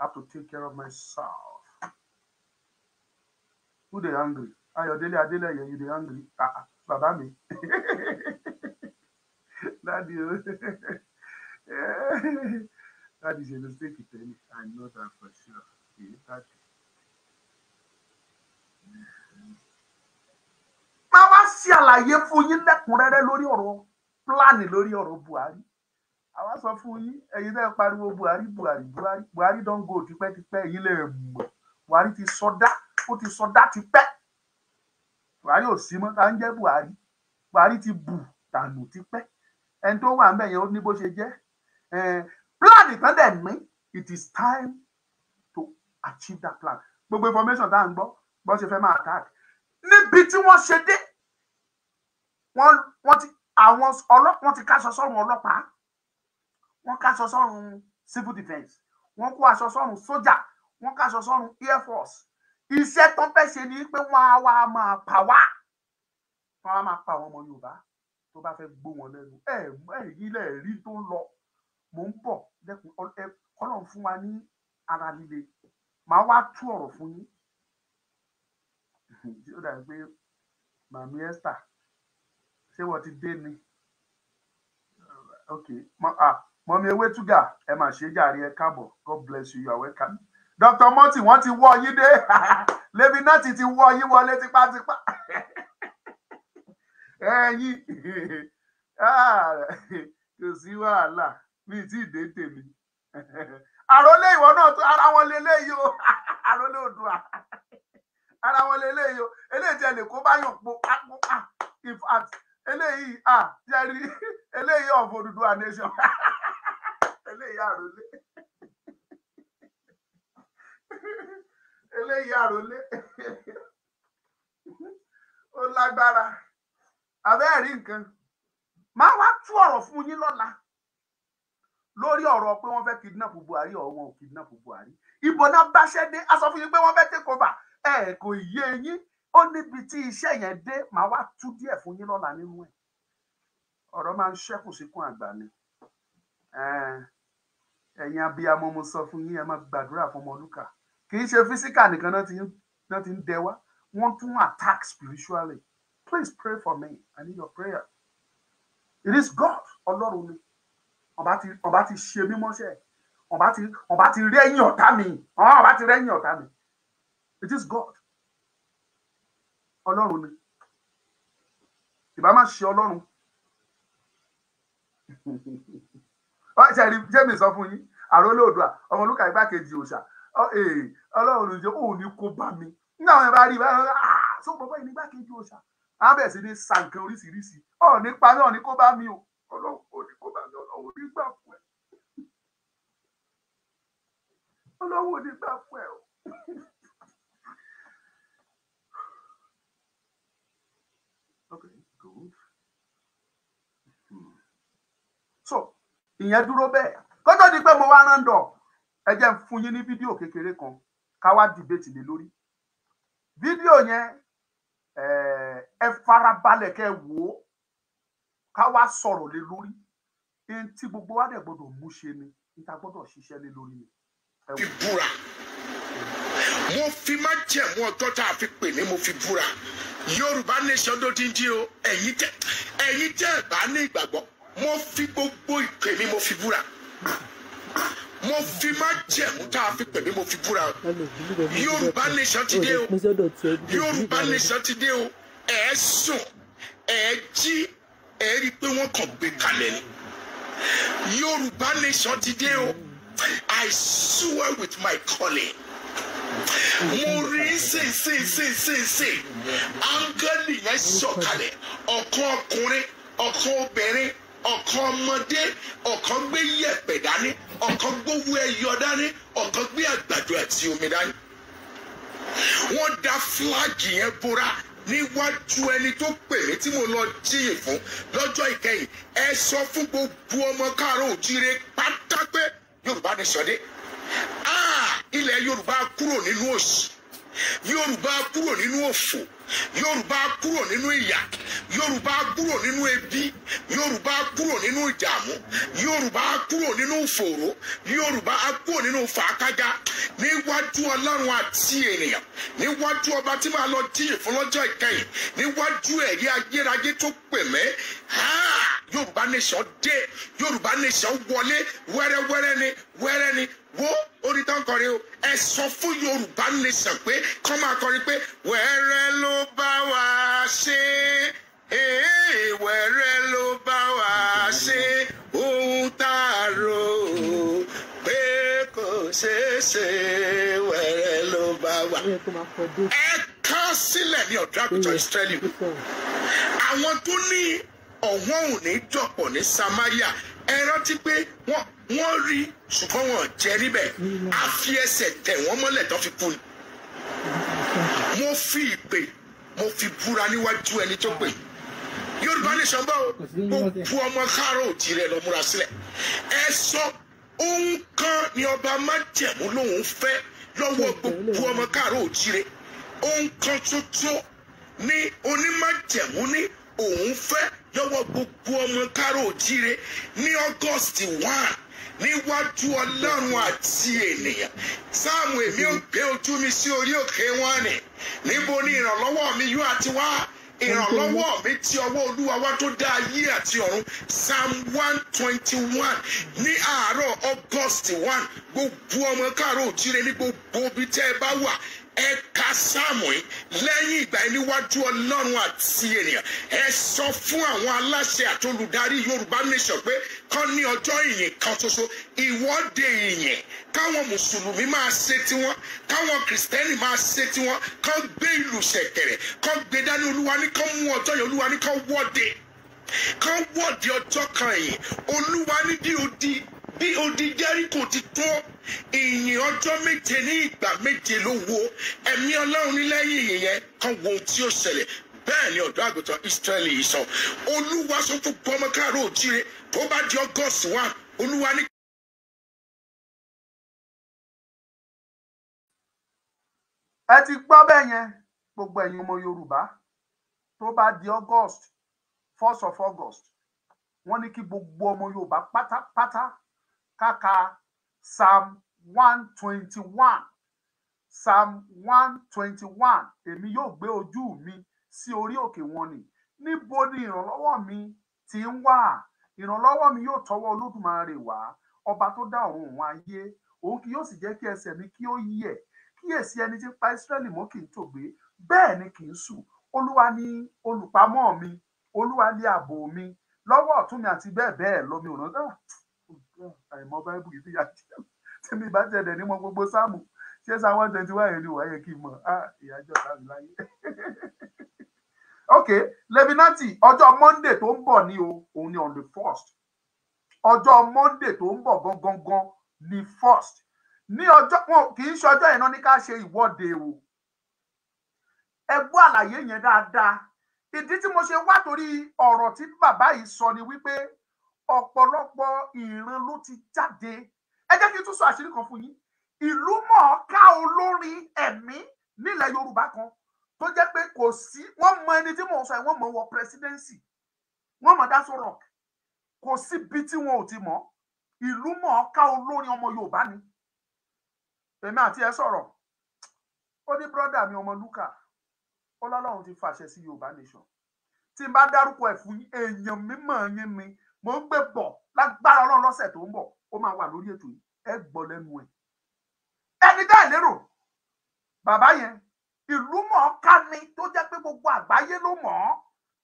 have to take care of myself. Who they angry? Ayọ̀délé Adélẹ̀yẹ, you dey angry? Ah, bàbá me. That is. That is a mistake if any. I know that for sure. Yeah, that Máa wá sí àlàyé fún yín lẹ́kùnrẹ́rẹ́ lórí ọ̀rọ̀ pílánì lórí ọ̀rọ̀ Buhari àwa sọ fún yín ẹ̀yin náà pariwo buhari buhari buhari buhari don go tipẹ́tipẹ́ èyí lè mọ̀ buhari ti sọdá ó ti sọdá tipẹ́ buhari ò sí mọ́ tá ń jẹ́ buhari buhari ti bù dànù tipẹ́ ẹni tó wà ńbẹ̀ yẹn ó ní bó ṣe jẹ́ plan kan dẹ̀ ní it is time to achieve that plan gbogbo information tá à ń gbọ́ bó ṣe fẹ́ máa attack níbi tí wọ́n ṣe dé wọ́n ti àwọn ọlọ́pàá wọ́n ti káṣọ sọ́run ọlọ́pàá wọ́n káṣọ sọ́run civil defence wọ́n kó aṣọ sọ́run sójà wọ́n káṣọ sọ́run air force iṣẹ́ tó fẹ́ ṣe ni pé wọ́n á wá máa pa wá wọ́n á máa pa àwọn ọmọ yorùbá tó bá fẹ́ gbó wọn lẹ́nu ẹ̀ ẹ̀yìn lẹ̀ rí tó ń lọ mò ń bọ̀ lẹ́kùn ọlọ́run fún wa ní ara líle màá wá tú ọ̀rọ̀ fún yín [laughs] yóò dàbí pé màmí esther ṣé wọ́n ti dé ni ok ma ah mọ̀mí ewétúgà ẹ mà ṣe jàre ẹ káàbọ̀ god bless you you are welcome dr moti wọ́n ti wọ́ yín dé levi [laughs] nati ti wọ́ yín wọlé tipátipá [laughs] ẹ̀yin [laughs] ah, kò sí wàhálà mi ti dé tèmi àròlé ìwọ náà tó ara wọn lélẹyìí o àròlé òdùà ara wọn lélẹyìí o eléyìí tí ẹ lè kó báyọ̀ po in fact eléyìí ah jẹ́rìí eléyìí of Oduduwa nation eléyìí àròlé eléyìí àròlé ó lágbára àbẹ́ẹ̀ rí nǹkan máa wá tú ọ̀rọ̀ fún yín lọ́la lórí ọ̀rọ̀ pé wọ́n fẹ́ kidnap Buhari ọ̀wọ́ ò kidnap Buhari ìbò náà báṣẹ́ dé a sọ fún yín pé wọ́n fẹ́ take over ẹ̀ kò yé yín ó níbi tí iṣẹ́ yẹn dé màá wá tú díẹ̀ fún yín lọ́la nínú ẹ̀ ọ̀rọ̀ máa ń ṣẹ́kù síkún àgbà ni. Eh ẹ̀yin abiyamọ mo sọ fún yín ẹ máa gbàdúrà fún ọmọlúkà kì í ṣe físíkà nìkan náà ti náà ti ń dẹ wá wọ́n tún attack spiritually please pray for me i need your prayer it is god ọlọ́run ni ọba ti ọba ti ṣe mímọ́ṣẹ́ ọba ti ọba ti rí ẹ̀yìn ọ̀tá mi ọba ti rí ẹ̀yìn ọ̀tá mi it is god ọlọ́run ni ìbá má ṣe ọlọ́run. [laughs] ṣẹ̀rí jẹ́mi sọ fún yín àrólóòdùà ọmọlúkà igbákejì òòṣà eh, ọlọ́run jẹ́ òun ní kó bá mi ní àwọn ẹ̀rọ àríwá ṣó bọ́bọ́ yìí ní igbákejì òòṣà á bẹ̀ sí ní sànkàn oríṣiríṣi ọ̀rọ̀ nípa náà ní kó bá mi o ọlọ́run ò ní kó bá mi ọlọ́run ò ní gbà fún ọlọ́run ò ní gbà fún o. ìyẹn dúró bẹ́ẹ̀ kótó di pé mo wá rán dọ̀ ẹ jẹ́ n fún yín ní fídíò kékeré kan ká wá dìbètì lé lórí fídíò yẹn eh, ẹ farabalẹ̀ kẹ́ wò ó ká wá sọ̀rọ̀ lé lórí ẹni tí gbogbo wa dẹ̀ gbọ́dọ̀ mú ṣe ni níta gbọ́dọ̀ ṣiṣẹ́ lé lórí ni. fi búra mo fi má jẹ̀mú ọjọ́ tá a fi pè ní mo fi búra yorùbá nation ló dín dín o ẹ̀yin tẹ́ ẹ̀yin tẹ́ bá ní ìgbàgbọ́ mo fi gbogbo ìpè mi mo fi búra mo fi má jẹ̀mú tá a fi pè mí mo fi búra yorùbá nation ti dé o yorùbá nation ti dé o ẹ̀ sùn ẹ̀ jí ẹ̀ rí i pé wọ́n kàn gbé kalẹ̀ ni yorùbá nation ti dé o i swear with my calling mo rí sínsínsínsínsí áńgẹ́lì yẹn sọ̀kalẹ̀ ọ̀kan ọkùnrin ọ̀kan obìnrin ọ̀kan ọmọdé ọ̀kan gbé yẹ̀pẹ̀ dání ọ̀kan gbówó ẹyọ dání ọ̀kan gbé àgbàdo àti omi dání. wọ́n da fúláàgì yẹn bora níwájú ẹni tó pè mí tí mo lọ jíyìn fún lọ́jọ́ ìkẹyìn ẹ sọ fún gbogbo ọmọ káàárọ̀ òjíire pátá pé yorùbá ni sọdé ah! ilẹ̀ yorùbá kúrò nínú òṣì yorùbá kúrò nínú òfò yorùbá kúrò nínú ìyà yorùbá kúrò nínú ebi yorùbá kúrò nínú ìdààmú yorùbá kúrò nínú ìfòòró yorùbá kúrò nínú fàákájá níwájú ọlọ́run àti ènìyàn níwájú ọba tí màá lọ díyè fún lọ́jọ́ ìkẹyìn níwájú ẹ̀rí ayérayé tó pè mẹ́ yorùbá nation dé yorùbá nation wọlé wẹ́rẹ́wẹ́rẹ́ ni wẹ́rẹ́ ni wo orin tó ń kọrin o ẹ sọ fún yorùbá nation pé kọ́ máa kọrin pé wẹ́rẹ́ ló bá wa ṣe wẹ́rẹ́ ló bá wa ṣe ohun tá a rò pé kò ṣeé ṣe wẹ́rẹ́ ló bá wa. ẹ kán sílẹ̀ ní ọ̀dọ́ àgùntàn Ísírẹ́lì àwọn tó ní ọ̀wọ́n ò ní jọ̀pọ̀ ní Samaria ẹ rántí pé wọ́n wọ́n rí ṣùgbọ́n wọn jẹ́ níbẹ̀ á fi ẹsẹ̀ tẹ̀ wọ́n mọ́lẹ̀ tó fi kú ni. mo fi ìpè mo fi búra níwájú ẹni tó pè yorùbá nation bá gbogbo ọmọ káàárọ̀ òjìrẹ́ lọ múra sílẹ̀ ẹ sọ ohun kan ni ọba májẹ̀mú lòun fẹ́ lọ́wọ́ gbogbo ọmọ káàárọ̀ òjìrẹ́ ohun kan tuntun ni onímájẹ̀mú ní òun fẹ́ yọwọ́ gbogbo ọmọ kárò ní August one níwájú ọlọ́run àti ènìyàn sáàmù èmi ò gbé ojú mi sí orí òkè wọn ni níbo ni ìrànlọ́wọ́ mi yóò àti wá ìrànlọ́wọ́ mi ti ọwọ́ olúwa tó dá ayé àti ọ̀run psalm one twenty one ní àárọ̀ august one gbogbo ọmọ káàró òjíire ní gbogbo ibi tẹ́ ẹ bá wà ẹ ka sáàmù yìí lẹ́yìn ìgbà yìí níwájú ọlọ́run àti ènìyàn ẹ sọ fún àwọn aláṣẹ àti olùdarí yorùbá nation pé kán ní ọjọ́ ìyìn kan ṣoṣo ìwọ́de ìyìn káwọn mùsùlùmí máa ṣe tiwọn káwọn kìrìsìtẹ́nì máa ṣe tiwọn kán gbé ìlú ṣẹ̀kẹ̀rẹ̀ kán gbé dání olúwa ní kán mú ọjọ́ yẹn olúwa ní kán wọ́de kán wọ́de ọjọ́ kan yìí olúwa ní bí odi bí odi jẹ́ríkò ti tán ìyìn ọjọ́ méje ní ìgbà méje ló wo ẹ̀mí ọlọ́run nílẹ́yìn ìyìn yẹn kan wo ohun tí ó ṣẹlẹ̀ bẹ́ẹ̀ ni ọ̀dọ́ àgùntàn Ísírẹ́lì yìí sọ olúwa sọ fún gbọmọ òjíire tó bá di August one olúwa ní. ẹ ti gbọ́ bẹ́ẹ̀ yẹn gbogbo ẹ̀yin ọmọ Yorùbá tó bá di August first of August wọ́n ní kí gbogbo ọmọ Yorùbá pátápátá káka psalm 121, psalm 121. twenty one èmi yóò gbé ojú mi sí orí òkè wọn ni níbo ni ìrànlọ́wọ́ mi ti ń wà ìrànlọ́wọ́ mi yóò tọwọ́ olódùmarè wá ọba tó dá ọ̀run òun ayé òun kì yóò sì jẹ́ kí ẹsẹ̀ mi kí ó yẹ̀ kíyèsí ẹni tí ń pa Ísírẹ́lì mọ́ kì í tògbé bẹ́ẹ̀ ni kì í sùn olúwa ni olùpamọ́ mi olúwa ni ààbò mi lọ́wọ́ ọ̀tún mi àti bẹ́ẹ̀ bẹ́ẹ̀ lọ mi ò rántí ah! àìmọ̀ báìbù yìí ti jẹ [laughs] tí mi bá tẹ̀lé ní mọ gbogbo sáàmù ṣé sáà twenty one ni wàá yẹ kí n mọ̀ ah, ìyájọ́ sáàmù láyé. [laughs] ok Levinati ọjọ́ Monday tó ń bọ̀ ni o òun ni on the first ọjọ́ Monday tó ń bọ̀ gangan ni first ní ọjọ́ wọn kì í ṣe ọjọ́ yẹn náà ní ká ṣe ìwọ́de o ẹ gbọ́ àlàyé yẹn dáadáa ìdí tí mo ṣe wá torí ọ̀rọ̀ tí bàbá yìí sọ ni wípé ọ̀pọ̀lọpọ̀ ìran ló ti jáde ẹ jẹ́ kí n tún sọ àṣírí kan fún yín ìlú mọ̀ọ́ká olórin ẹ̀mí nílẹ̀ Yorùbá kan tó jẹ́ pé kò sí wọ́n mọ ẹni tí mò ń sọ yìí wọ́n mọ̀ wọ presidency wọ́n mọ̀ dáṣọ rock kò sí bí tí wọn ò ti mọ̀ ìlú mọ̀ọ́ká olórin ọmọ Yorùbá ni èmi àti ẹ sọ̀rọ̀ ó ní brọ́dà mi ọmọ Lúkà ó lọ́lọ́run ti fàṣẹ sí Yorùbá nation tí n bá dárúkọ ẹ̀ fún èèyàn mímọ̀ yín mi mo ń gbé bọ̀ lágbára ọlọ́run lọ́sẹ̀ tó ń bọ̀ ó máa wà lórí ètò ẹ gbọ́ lẹ́nu ẹ̀ ẹni bẹ́ẹ̀ lérò bàbá yẹn ìlú mọ̀ọ́ká ni tó jẹ́ pé gbogbo àgbáyé ló mọ̀ ọ́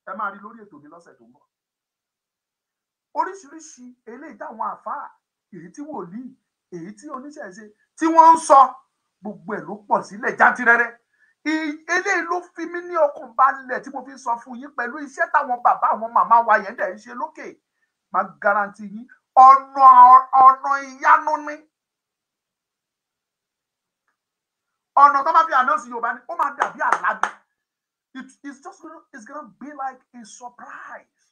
ẹ máa rí lórí ètò mi lọ́sẹ̀ tó ń bọ̀ oríṣiríṣi eléyìí táwọn àfáà èyí tí wòlíì èyí tí oníṣẹ̀ṣe tí wọ́n ń sọ gbogbo ẹ̀ ló pọ̀ sílẹ̀ jàǹtìrẹrẹ eléyìí ló fi mí ní ọkàn balẹ̀ tí mo fi sọ fún yín pẹ̀lú iṣẹ́ táwọn bàbá àwọn màmá wa yẹn dẹ̀ ń ṣe lókè máa garanti yín ọ̀nà ọ̀nà ìyanu ni ọ̀nà tó máa fi announce yorùbá ni ó máa dàbí àlágbé it is just it's gonna be like a surprise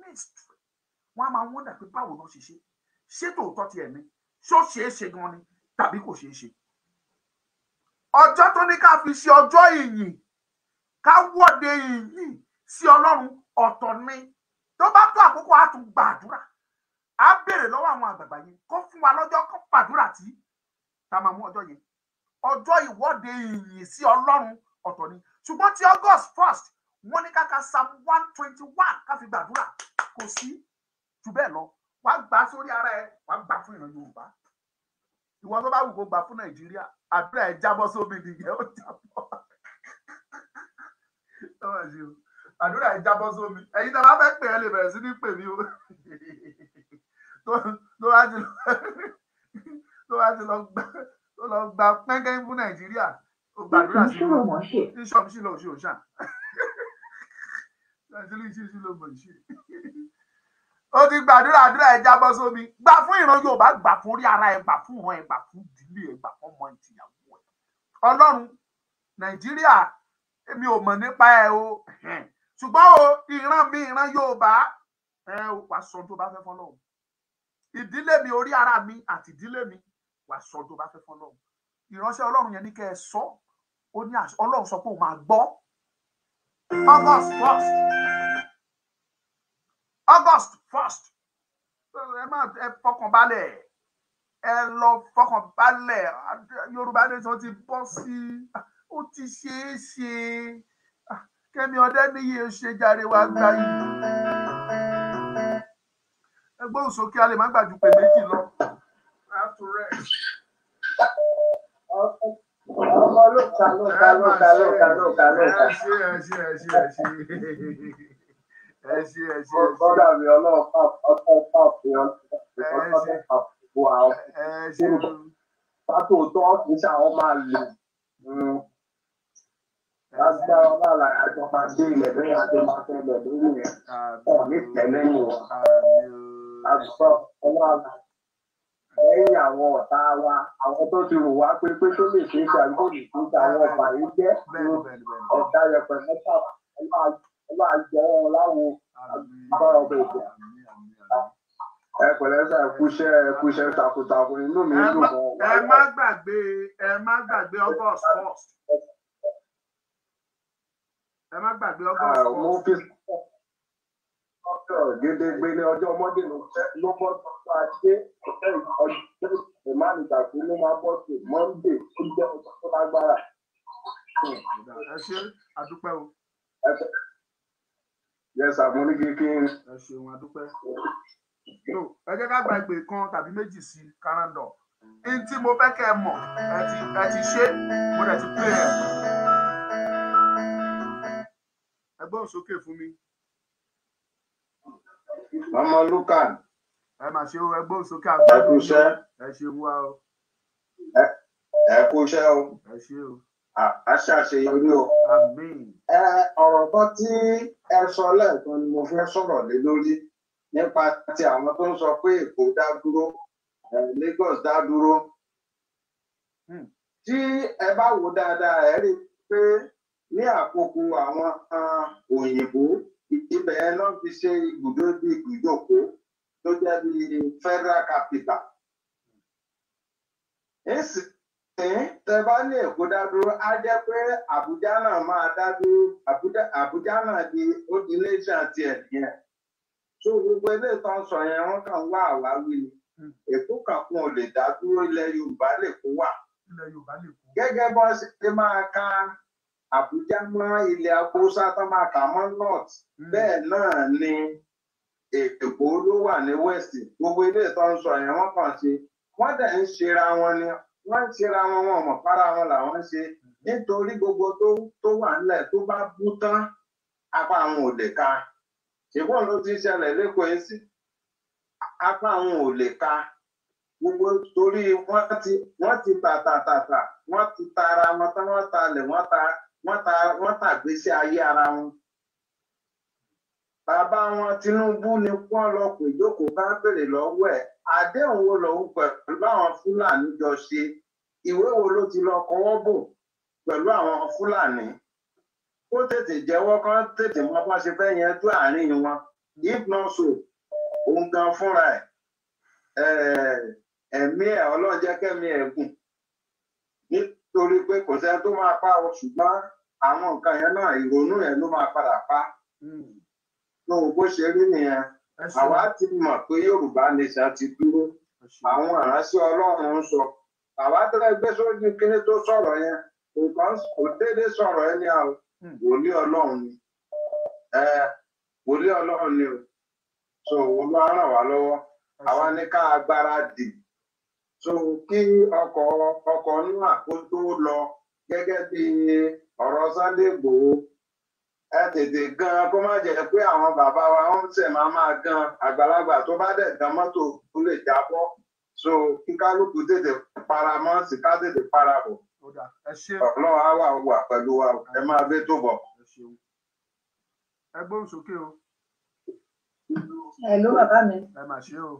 mystery wọn a máa wonder pé báwo ló ṣe ṣe ṣé tòótọ́ tiẹ̀ ni ṣó ṣeé ṣe gan ni tàbí kò ṣeé ṣe ọjọ́ tó ní ká fi ṣe ọjọ́ ìyìn ká wọ́de ìyìn sí ọlọ́run ọ̀tọ̀ ni tó bá tó àkókò á tún gba àdúrà á béèrè lọ́wọ́ àwọn àgbààgbà yẹn kó fún wa lọ́jọ́ kó pàdúrà tí tá a máa mú ọjọ́ yẹn ọjọ́ ìwọ́de ìyìn sí ọlọ́run ọ̀tọ̀ ni ṣùgbọ́n ti august first wọ́n ní káka psalm one twenty one ká fi gbàdúrà kò sí jù bẹ́ẹ̀ lọ wàá gbà sórí ara ẹ wàá gbà fún ìran yorùbá ìwọ tó bá wù kó gbà fún nàìjíríà àdúrà ẹ jábọ́ sómi nìyẹn ó jábọ́. [laughs] àdúrà ẹ jábọ́ sómi ẹ̀yin tí a bá fẹ́ pè ẹ lè bẹ̀rẹ̀ sí ní pè mí o tó wá ti lọ gba tó lọ gba pẹ́ńkẹ́ fún nàìjíríà ó gbàdúrà sí i ní ṣọ́ọ̀bù sí lọ sí òòṣà ṣàṣírí sí sí ló mọ̀ sí. ó ti gbàdúrà àdúrà ẹ jábọ́ sómi gbà fún ìran Yorùbá gbà fún orí ara ẹ gbà fún ìran ẹ gbà fún ìdílé ẹ gbà fún ọmọ ìtìyàwó ẹ Ọlọ́run Nàìjíríà èmi ò mọ̀ nípa ẹ o ṣùgbọ́n o ìran mi ìran Yorùbá ẹ wàá sọ tó bá fẹ́ fọlọ́run ìdílé mi orí ara mi àti ìdílé mi wàá sọ tó bá fẹ́ fọlọ́run ìránṣẹ́ Ọlọ́run yẹn ní kẹ́ ẹ sọ ó ní Ọlọ́run sọ pé òun máa gbọ́ August first August first ẹ má ẹ fọkàn balẹ̀ ẹ lọ fọkàn balẹ̀ Yorùbá nation ti bọ́ sí ó ti ṣeé ṣe. Kẹ́mi Ọdẹ́níyì ṣe jàre wá gba ìlú ẹgbọ́n sókè a lè má gbàjú pé méjì lọ. ọmọ ló kà ló kà ló kà ló kà ló kà ló kà. ẹ ṣe ẹ ṣe ẹ ṣe ẹ ṣe ẹ ṣe ẹ ṣe. bọ́dà mi ọlọ́run ọ̀pọ̀ ọ̀pọ̀ fi hàn ọ̀pọ̀ ọ̀pọ̀ àwọn. ẹ ṣe. pátó tó ọ́fíìsì àwọn máa lò lágbára bàbá àjọ máa dé ilẹ̀ lórí àjọ máa fẹ́ lọ lórí rẹ̀ ọ̀ ní tẹ̀lé ni wọ́n. àgbọ̀ ọlọ́ọ̀la lẹ́yìn àwọn ọ̀tá wa àwọn tó ti rò wá pé pé tó lè ṣe é ṣe àgbo ìlú tí àwọn ọba yìí jẹ́ ọ̀tá yẹpẹ̀ mẹ́ta ọlọ́ọ̀ àjọ wọn láwo agbára ọba ìgbà. ẹ pẹ̀lẹ́ sà ẹkúṣẹ́ ẹkúṣẹ́ takuntakun inú mi dùn mọ́. ẹ má gbàgbé ẹ má gbàgbé august first ẹ má gbàgbé ọgọ́rùn-ún. Ah, mo fi ọjọ́ gédégbé ní ló bọ́ sọ́kọ́ ajé ọjọ́ ìjọba ìmánìgbà tó ló máa bọ́ sí mọ́ndé tó jẹ́ ọjọ́ tó lágbára. ẹ ṣe àdúpẹ́ o. yẹsà mo ní kí n. ẹ ṣeun àdúpẹ́. ẹ jẹ́ ká gba ìpè kan tàbí méjì sí káràndọ̀ ní tí mo fẹ́ kẹ́ ẹ mọ̀ ẹ ti ṣe mo dẹ̀ ti pè é gbọ́n sókè fún mi. ọmọ lukan. ẹ mà ṣe o ẹ gbọ́n sókè agbára. ẹ kú iṣẹ́. ẹ ṣe wá o. ẹ kú iṣẹ́ o. ẹ ṣe o. a ṣàṣeyọrí o. àmín. ẹ ọ̀rọ̀ kan tí ẹ sọ lẹ́ẹ̀kan ni mo fẹ́ sọ̀rọ̀ lé lórí nípa ti àwọn tó ń sọ pé èkó dá dúró Lagos dá dúró. Hmm. tí ẹ bá wò dáadáa ẹ rí i pé ní àkókò àwọn òyìnbó ibẹ̀ náà fi ṣe ibùdó bíi ibùdókò tó jẹ́ bíi federal capital. èsì tẹ bá ní èkó dádúró á jẹ́ pé àbújá náà máa dádúró àbújá náà di oníléeṣẹ́ àti ẹ̀dìyẹn. tó gbogbo ilé ìtàn sọ yẹn wọ́n kàn wá àwáwí ni hmm. èkó kan kún ò lè dádúró ilẹ̀ yorùbá lè kó wà. gẹ́gẹ́ bó ṣe máa ka Àbújá mọ́ ilẹ̀ Haúsá tó máa kà mọ́ north hmm. bẹ́ẹ̀ náà ni Èkó ló wà ní west gbogbo ilé ìtọ́ ń sọ yẹn wọ́n kàn ṣe wọ́n dẹ̀ ń ṣera wọn ni wọ́n ń ṣera wọn wọn mọ̀ para wọn làwọn ń ṣe hmm. nítorí gbogbo tó wà nílẹ̀ tó bá bú tán apá àwọn ò lè ka ṣùgbọ́n ló ti ṣẹlẹ̀ lẹ́kọ̀ọ́ yìí sí apá àwọn ò lè ka gbogbo torí wọ́n ti wọ́n ti tàtàtàtà wọ́n ti tara wọn tán wọ́n talẹ̀ wọ́n ta. ta, ta, ta wọ́n tàgbésí ayé ara wọn. Bàbá wọn Tinubu ni wọ́n lọ pè jókòó bá bèrè lọ́wọ́ ẹ̀. Àdéhùn wo lòun pẹ̀lú àwọn Fúlàní jọ ṣe? Ìwé wo ló ti lọ kọwọ́ bò pẹ̀lú àwọn Fúlàní? Ó tètè jẹ́wọ́ kán tètè mọ bá ṣe fẹ́ yanjú àárín wọn. If not so, òun gan fúnra ẹ̀ ẹ̀mí ẹ̀ ọlọ́jẹ́kẹ́mi ẹ̀ gùn nítorí pé kò sẹ́ni tó máa pa ọ ṣùgbọ́n àwọn nǹkan yẹn náà ìrònú yẹn ló máa padà pa ní hmm. bó ṣe rí nìyẹn àwa ti mọ̀ pé Yorùbá nation ti dúró àwọn àránṣẹ́ Ọlọ́run ń sọ àwa tẹlẹ gbé sójú kíní tó sọ̀rọ̀ yẹn nǹkan kò déédé sọ̀rọ̀ ẹni àwọn hmm. wòlíì Ọlọ́run ni wòlíì Ọlọ́run ni o so wọ́n máa ràn wá lọ́wọ́ àwa ní ká agbára dì so kí ọkọ ọkọ náà kó tó lọ gẹ́gẹ́ bíi. ọ̀rọ̀ Sunday Igboho ẹ tètè gan kó má jẹ́ pé àwọn bàbá wa ń ṣe máa máa gan àgbàlagbà tó bá dẹ̀ gan mọ́tò tó lè jábọ́ so kí kálukú tètè para mọ́ sí ká tètè para bọ̀ ọlọ́run á wà wà pẹ̀lú wa ẹ máa gbé tó bọ̀. ẹ gbóhùn sókè o. ẹ ló bàbá mi. ẹ mà ṣe o.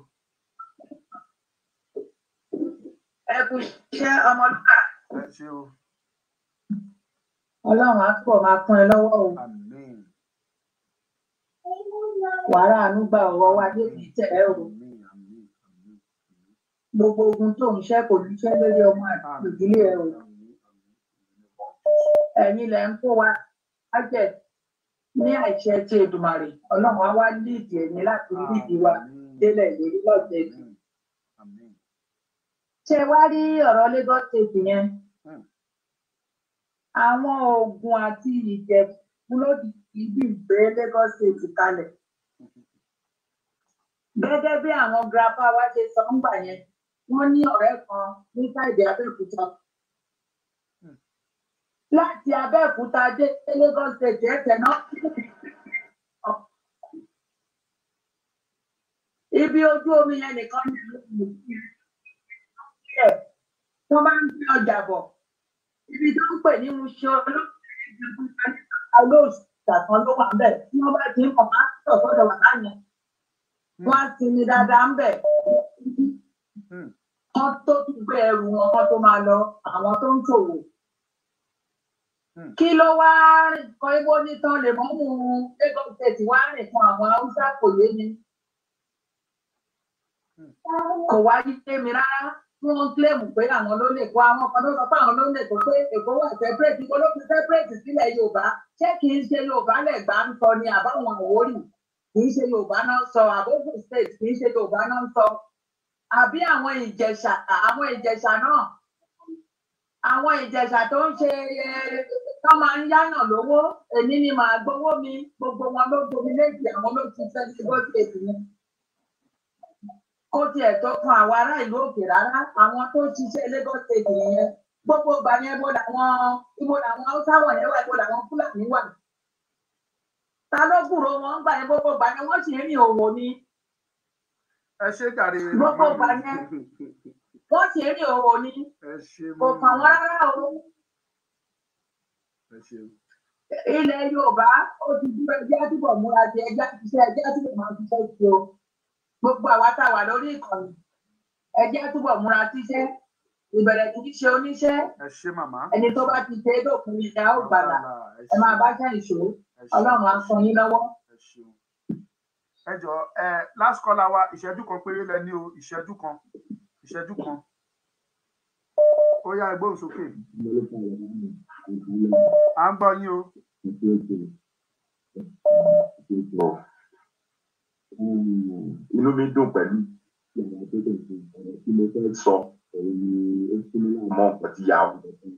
ẹ kú iṣẹ́ ọmọlúwà. ẹ ṣe o ọlọ́run á pọ̀ máa kún ẹ lọ́wọ́ o wàrà ànúgbà ọ̀wọ́ wa débi tẹ̀ ẹ́ o gbogbo ogun tó ń ṣe kò ní ṣe lórí ọmọ ìdílé ẹ o ẹ̀yin lẹ ń kó wa ájẹ ní àìṣe ti Èdùmàrè Ọlọ́run á wá líìdì ẹ̀yin láti líìdì wa délẹ̀ lórí lọtẹẹdì ṣé wá rí ọ̀rọ̀ Lagos yẹn àwọn ogun àti ìjẹ̀bù ló ti dìídì gbé lagos state kalẹ̀ gẹ́gẹ́ bí àwọn grandpa wa ṣe sọ ńgbà yẹn wọ́n ní ọ̀rẹ́ kan ní káìdé abẹ́òkúta láti abẹ́òkúta dé lagos state ẹ̀tẹ̀ náà ibi ojú omi yẹn nìkan ní ìlú ìlú tí wọ́n bá ń gbé ọjà bọ̀ ibi tó ń pè ní muṣọ olóòṣàkan ló wà ń bẹ̀ tí wọ́n bá ti ń kọ̀ọ̀má sọ̀tọ̀ wà láyẹn wọ́n á sinmi dáadáa ń bẹ̀ hmm. wọ́n tó gbé ẹrù wọn kọ́ tó máa lọ àwọn tó ń ṣòwò hmm. kí ló wá rìn kan ibo nítàn lè mọ́ mú un Lagos State wá rìn kan àwọn Haúsá kò yé mi hmm. kò wá mi rárá wọ́n ń kílẹ̀mù pé àwọn ló lè kó àwọn kan ló sọ pé àwọn ló lè kó pé èkó wà sẹ́pẹ̀rẹ̀tì kó ló fi sẹ́pẹ̀rẹ̀tì sílẹ̀ yorùbá ṣé kì í ṣe yorùbá lẹ̀gbá ń sọ ni àbáwọn àwórì kì í ṣe yorùbá náà sọ àbókùn state kì í ṣe yorùbá náà sọ àbí àwọn ìjẹ̀ṣà àwọn ìjẹ̀ṣà náà àwọn ìjẹ̀ṣà tó ń ṣe tó máa ń yánà lówó èmi ni màá gbowó mi gbogbo wọn ló gbomi léèdì àwọn ló ti fẹ́ sí bó ṣe tì kó tiẹ̀ tọkàn àwọn ará ìlú òkè rárá àwọn tó ṣiṣẹ́ Lagos state nìyẹn gbogbo ìgbà yẹn ibo làwọn ibo làwọn haúsá wọ̀nyẹn wà ibo làwọn fúlàní wà ta ló gbúrò wọn ń gbà yẹn gbogbo ìgbà yẹn wọ́n sì ń rìn òwò ni. ẹ ṣe kàrí rẹ gbogbo ìgbà yẹn wọ́n sì ń rìn òwò ni kò kàn wọ́n rárá o. ilẹ̀ Yorùbá ó ti dúró ẹjẹ́ àdúgbò múra jẹ ẹjẹ́ àdúgbò máa ń ṣiṣẹ́ gbogbo àwa tá a wà lórí ìkànnì ẹ jẹ́ túbọ̀ múra síṣẹ́ ìbẹ̀rẹ̀ kì í ṣe oníṣẹ́ ẹni tó bá ti ṣe é dòkun ní ìyá ò gbàgbà ẹ máa bá ṣe ìṣó ọlọ́run á sọ yín lọ́wọ́. ẹ jọ ẹ last call wa ìṣẹ́jú kan péré lẹ ní o ìṣẹ́jú kan ìṣẹ́jú kan ó yá ẹgbọ́n sókè à ń gbọ́ yín o inú mi dùn pẹ̀lú ìyàwó tó dẹ̀ ju ọ̀rọ̀ tí mo fẹ́ sọ òun ni ó fún mi láwọn ọ̀pọ̀ tí yà wọ̀ fún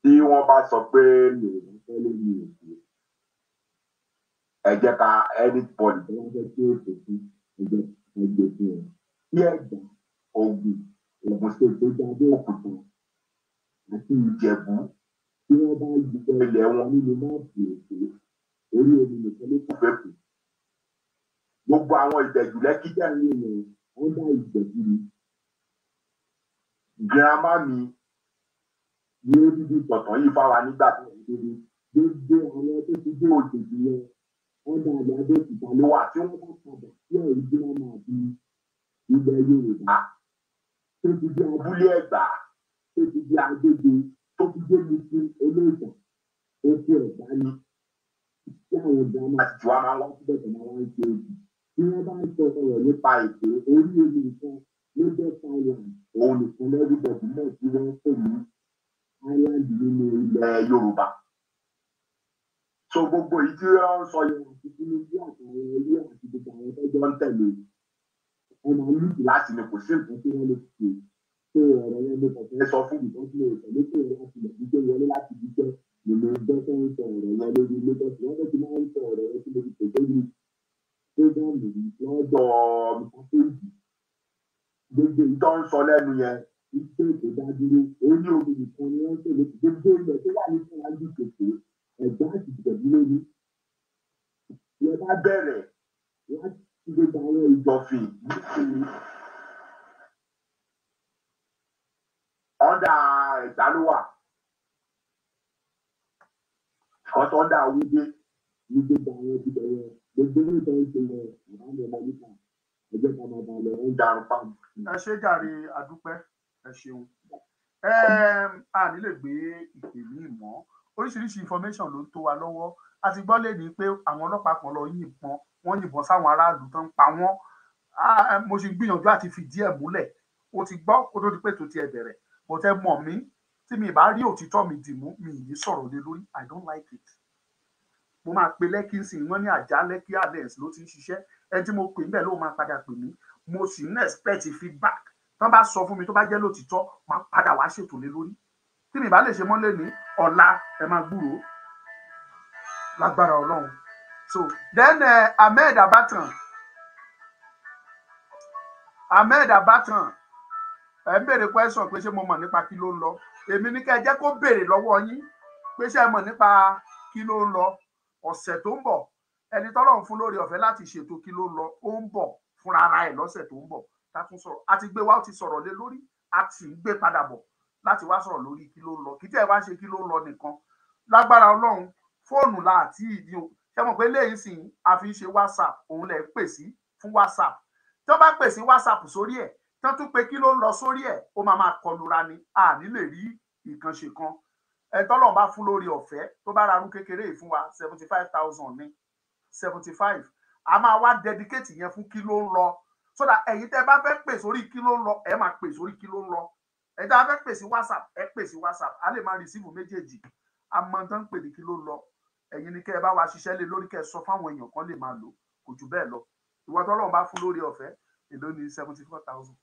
tí wọ́n bá sọ pé mi ò fẹ́ lórí èkó ẹ ká edit point tó wọ́n fẹ́ kí èkó fún ẹgbẹ́ ẹgbẹ́ fún ẹ kí ẹ̀gbọ́n ogun ogun state tó jáde òkùnkùn àti ìjẹ̀bú tí wọ́n bá yí ilẹ̀ wọn nínú máàpù èkó orí omi nìkan ló kù fẹ́ kù gbogbo àwọn ìbẹ̀jù lẹ́kí jẹ́ ní ìwọ̀n ó dá ìbẹ̀jù mi girama mi ní odidi tọ̀tàn yìí fáwa nígbà tó ń dédé dédé àwọn tó ti dé òjèjì yẹn wọ́n dá àgbà dé ìta ló wà tí wọ́n padà sí ẹ̀rí girama àti ilẹ̀ Yorùbá tó ti di abúlé Ẹ̀gbá tó ti di agbègbè tó ti dé mi sí olóòtú ó ti Ẹ̀gbá ni tí àwọn girama ti wá máa wá síbẹ̀ tó máa wá ń ṣe èyí tí wọ́n bá ń sọ̀rọ̀ nípa ètò orí omi nǹkan ló jẹ́ thailand òun nìkan lẹ́rìbọ̀dì náà tí wọ́n pè ní island nínú ilẹ̀ yorùbá. so gbogbo èyí tí wọ́n sọ yẹn àti tinubu àtàwọn ilé àti gbogbo àwọn tọ́jọ́ ń tẹ̀lé ọmọ yìí láti ní kò sí nǹkan tí wọ́n lè ṣe pé ọ̀rọ̀ yẹn ló kọ̀ọ̀kan sọ fún ìtọ́jú ìtẹ̀lé pé ọ̀rọ̀ láti lè gbígbé wọlé láti gbígbé nínú ẹgbẹ́ tó ń sọ ọ̀rọ̀ yẹn lórí lagos wọ́n fẹ́ ti máa ń sọ ọ̀rọ̀ yẹn sí lórí tòkó Abraham lòdì lọ́dọ̀ mùsùlùmí. Gbogbo ìtọ́ ń sọ lẹ́nu yẹn iṣẹ́ ìdádúró orí omi nìkan ni wọ́n tẹ̀lé gbogbo ilẹ̀ tó wà ní fúnrajú kòkó ẹ̀gbá àti ìgbẹ̀dúró ni. Ìyẹn bá bẹ̀rẹ̀ láti gbogbo àwọn ìjọfìn nítorí ọ̀dà ẹ̀gbá ló wà. Ọ̀tọ̀ ọ̀dà wíwé ní gbogbo àwọn ìbẹ̀rẹ̀ gbogbo ilé ìtọ́ ìṣẹ̀lẹ̀ ìbámu ọmọ nípa ẹgbẹ́ kan máa balẹ̀ ó ń darun pa. ẹ ṣe jàre adúpẹ́ ẹ ṣeun a ní lè gbé ìpè ní ìmọ̀ oríṣiríṣi information ló ń tó wa lọ́wọ́ a ti gbọ́ lẹ́ni pé àwọn ọlọ́pàá kan lọ yìnbọn wọ́n yìnbọn sáwọn aráàlú tó ń pa wọ́n mo ṣe gbìyànjú àti fìdí ẹ̀ múlẹ̀ o ti gbọ́ kó tó di pé tó ti ẹ̀ bẹ̀rẹ̀ mo tẹ́ mọ̀ mí tí mi bá rí òtítọ́ mi dì mú mi ì ní sọ̀rọ̀ lé lórí i don't like it mo máa pe lẹ́kì sí ní àjà lẹ́kì adens ló ti ń ṣiṣẹ́ ẹni tí mo pè ń bẹ̀ ló máa padà pè mí mo sì ń expect feedback tó bá sọ fún mi tó bá jẹ́ lótìtọ́ máa padà wá ṣètò lé lórí tí mi bá lè ṣe mọ́lẹ̀ ní ọ̀la ẹ máa gbúròó lágbára ọlọ́run so then uh, Ahmed Abatan Ahmed Abatan ẹ ń béèrè question pé ṣé mo mọ̀ nípa kí ló ń lọ èmi ní ká ẹ jẹ́ kó béèrè lọ́wọ́ yín pé ṣé ẹ mọ̀ nípa kí ló ń lọ ọ̀sẹ̀ tó ń bọ̀ ẹni tọ́lọ́run fún lórí ọ̀fẹ́ láti ṣètò kí ló lọ ó ń bọ̀ fúnra ara ẹ̀ lọ́sẹ̀ tó ń bọ̀ takun sọ̀rọ̀ àti gbé wa ó ti sọ̀rọ̀ lé lórí àti gbé padà bọ̀ láti wá sọ̀rọ̀ lórí kí ló lọ kí tẹ́ ẹ wá ṣe kí ló lọ nìkan lágbára ọlọ́run fóònù la àti ìdí o ṣe mọ̀ pé léyìí sìn a fi ń ṣe whatsapp òun lẹ̀ pè sí fún whatsapp tí wọ́n bá pè sí whatsapp sórí ẹ̀ tí wọ́n tún pe kí ló ń lọ sórí ẹ̀ ó máa máa kọlura ni a ní lè rí ìkànṣe kan ẹ tọ́lọ̀ bá fún lórí ọ̀fẹ́ tó bá rarú kékeré yìí fún wa seventy five thousand ní seventy five a máa wá dedicate yẹn fún kí ló ń lọ so that ẹ̀yin tẹ́ bá fẹ́ pè sórí kí ló ń lọ ẹ máa pè sórí kí ló ń lọ ẹ̀yin tẹ́ bá fẹ́ pè sí whatsapp ẹ pè sí whatsapp a lè máa receive méjèèjì a máa tán pè ní kí ló ń lọ ẹ̀yin ni kẹ́ ẹ bá wa ṣiṣẹ́ lé lórí kẹ́ ẹ sọ fáwọn èèyàn kan lè máa lò kò jù bẹ́ẹ̀ lọ ìwọ tọ́lọ̀ bá fún lórí ọ̀fẹ́ èló ni seventy four thousand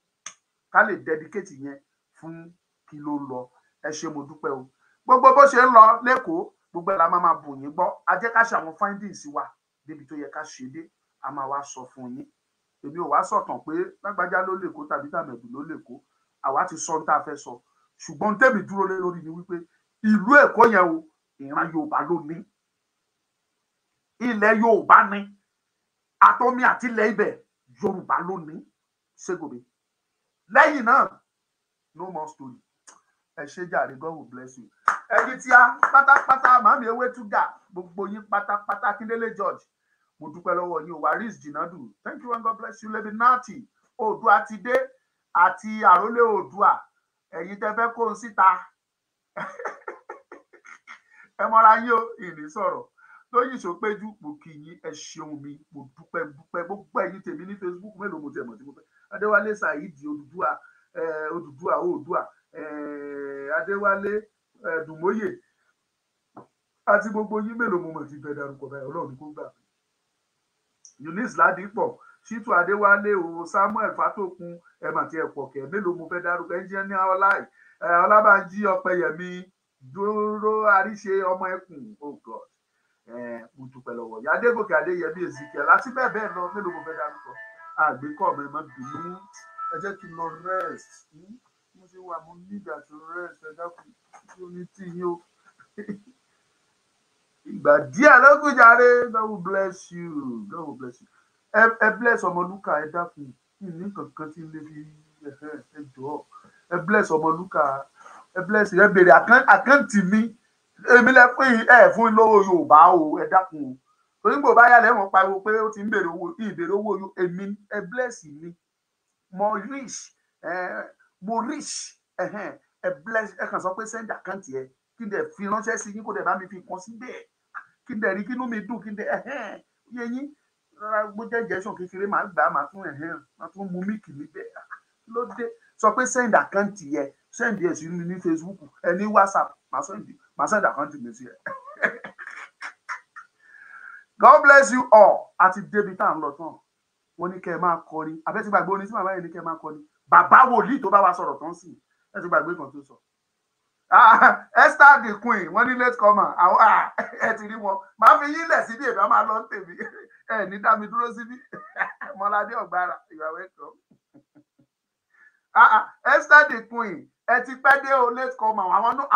ká lè dedicate yẹn fún kí ló ń lọ ẹ ṣé mo dúpẹ́ o gbogbo bó ṣe ń lọ lẹ́kọ̀ọ́ gbogbo ẹ̀ la máa máa bù yín gbọ́ a jẹ́ ká ṣe àwọn findings wa débi tó yẹ ká ṣe dé a máa wá sọ fún yín èmi ò wá sọ̀tàn pé lágbájá ló lè kó tàbí tàmẹ̀dù ló lè kó àwa ti sọ ohun tá a fẹ́ sọ ṣùgbọ́n tèmi dúró lé lórí ni wípé ìlú Èkó yẹn o ìran Yorùbá ló ní ilẹ̀ Yorùbá ní àtọ́mí àti ilẹ̀ ibẹ̀ Yorùbá ló ní ségobe lẹ́yìn náà no more story ẹ ṣé jàre god will bless you ẹni tí a pátápátá màmí ewé túgà gbogbo yín pátápátá kíndélé george mo dúpẹ́ lọ́wọ́ yín o waris jinadu thank you and god bless you lady nati oòdùà ti dé àti àrólé oòdùà ẹ̀yin tẹ́ fẹ́ kóhun síta [laughs] ẹ mọ́ra yín o ìní sọ̀rọ̀ lóyìn ìṣòpéjú mo kì í ẹ ṣeun mi mo dúpẹ́ dúpẹ́ gbogbo ẹ̀yin tèmi ní facebook mélòó mo tẹ̀ mọ̀ tí mo fẹ́ adéwálé saheed odùdúà eh, odùdúà oòdùà Eh, adéwálé eh, dùmóyè àti gbogbo yín mélòó mo mọ̀ ti bẹ̀ dárúkọ báyìí ọlọ́run kó gbà mí eunice ládìpọ̀ ṣítù adéwálé o samuel fatokun ẹ̀mà tí ẹ̀ pọ̀ kẹ́ mélòó mo fẹ́ dárúkọ ẹnjẹ́níà ọláì eh, ọlábàájí ọpẹyẹmí dúró àríṣe ọmọ ẹkùn oh god mo dúpẹ́ lọ́wọ́ ìyá adégòkè adéyẹmí ezekiel àti bẹ́ẹ̀ bẹ́ẹ̀ lọ mélòó mo fẹ́ dárúkọ àgbékọ́ mi mọ́ bínú ẹ jẹ́ kí n lọ rest. Hmm? ti wà mo need àti rest ẹ dákun unity yín o ìgbà díẹ̀ lókun God will bless you God will bless you ẹ bless ọmọlúkà ẹ dákun kí ní kankan tí lè fi ẹ jọ ẹ bless ọmọlúkà ẹ bless ẹ béèrè àkáǹtì mi èmi lẹ fún ẹ fún lówó Yorùbá o ẹ dákun o onígbò bá yà lẹ́wọ̀n pariwo pé ó ti ń béèrè owó ìbéèrè owó èmi ẹ bless mi mo rich mo rich ẹ bless ẹ kàn sọ pé send account yẹ kí n dẹ̀ fi ránṣẹ́ sí yín kó dẹ̀ bá mi fi kàn sí bẹ́ẹ̀ kí n dẹ̀ rí kínú mi dùn kí n dẹ̀ yé yín bó jẹ́ injection kékeré máa gbà máa tún máa tún mu míìkì níbẹ̀ ah, ló dé sọ pé send account yẹ send yẹ sí mi ní Facebook ẹ ní WhatsApp màá send màá send account mi sí ẹ. [laughs] God bless you all àti débi tá à ń lọ tán wọ́n ní kẹ́ ẹ máa kọrin àbẹ́tí gbàgbé orin tí màmá yẹn ní kẹ́ ẹ máa kọrin bàbá wòlíì tó bá wa sọ̀rọ̀ tán sí ẹ ti gbàgbé kan tó sọ ah, Esther the queen wọ́n ní late comer àwọn ah, ẹ ti rí wọn máa fi yín lẹ̀ síbi èmi a máa lọ tèmi ẹ ní dá mi dúró síbi [laughs] mọ́ládé ọ̀gbára ìyàwó ẹ̀kọ́ Esther the queen ẹ ti pẹ́ dé o late comer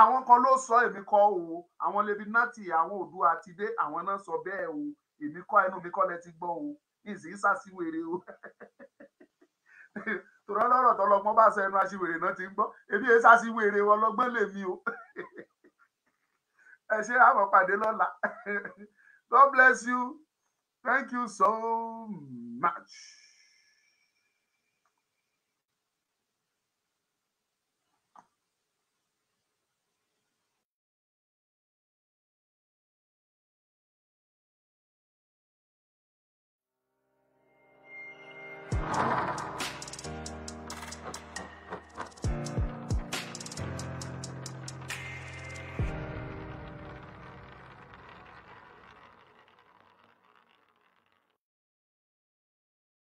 àwọn kan ló sọ èmi kọ́ o àwọn lebi nati àwọn Oòduà àti dé àwọn náà sọ bẹ́ẹ̀ o èmi kọ́ ẹnu mi kọ́ lẹ ti gbọ́ o ìsìn ìsàsíwèrè o [laughs] tòrọ lọ́rọ̀ tọlọgbọ́n bá sọ ẹnu aṣiwèrè náà ti ń gbọ́ èmi èyí ṣàṣìwèrè ọlọ́gbọ́n lèmi o [laughs] ẹ ṣe àmọ́ pàdé lọ́la [laughs] God bless you thank you so much. you.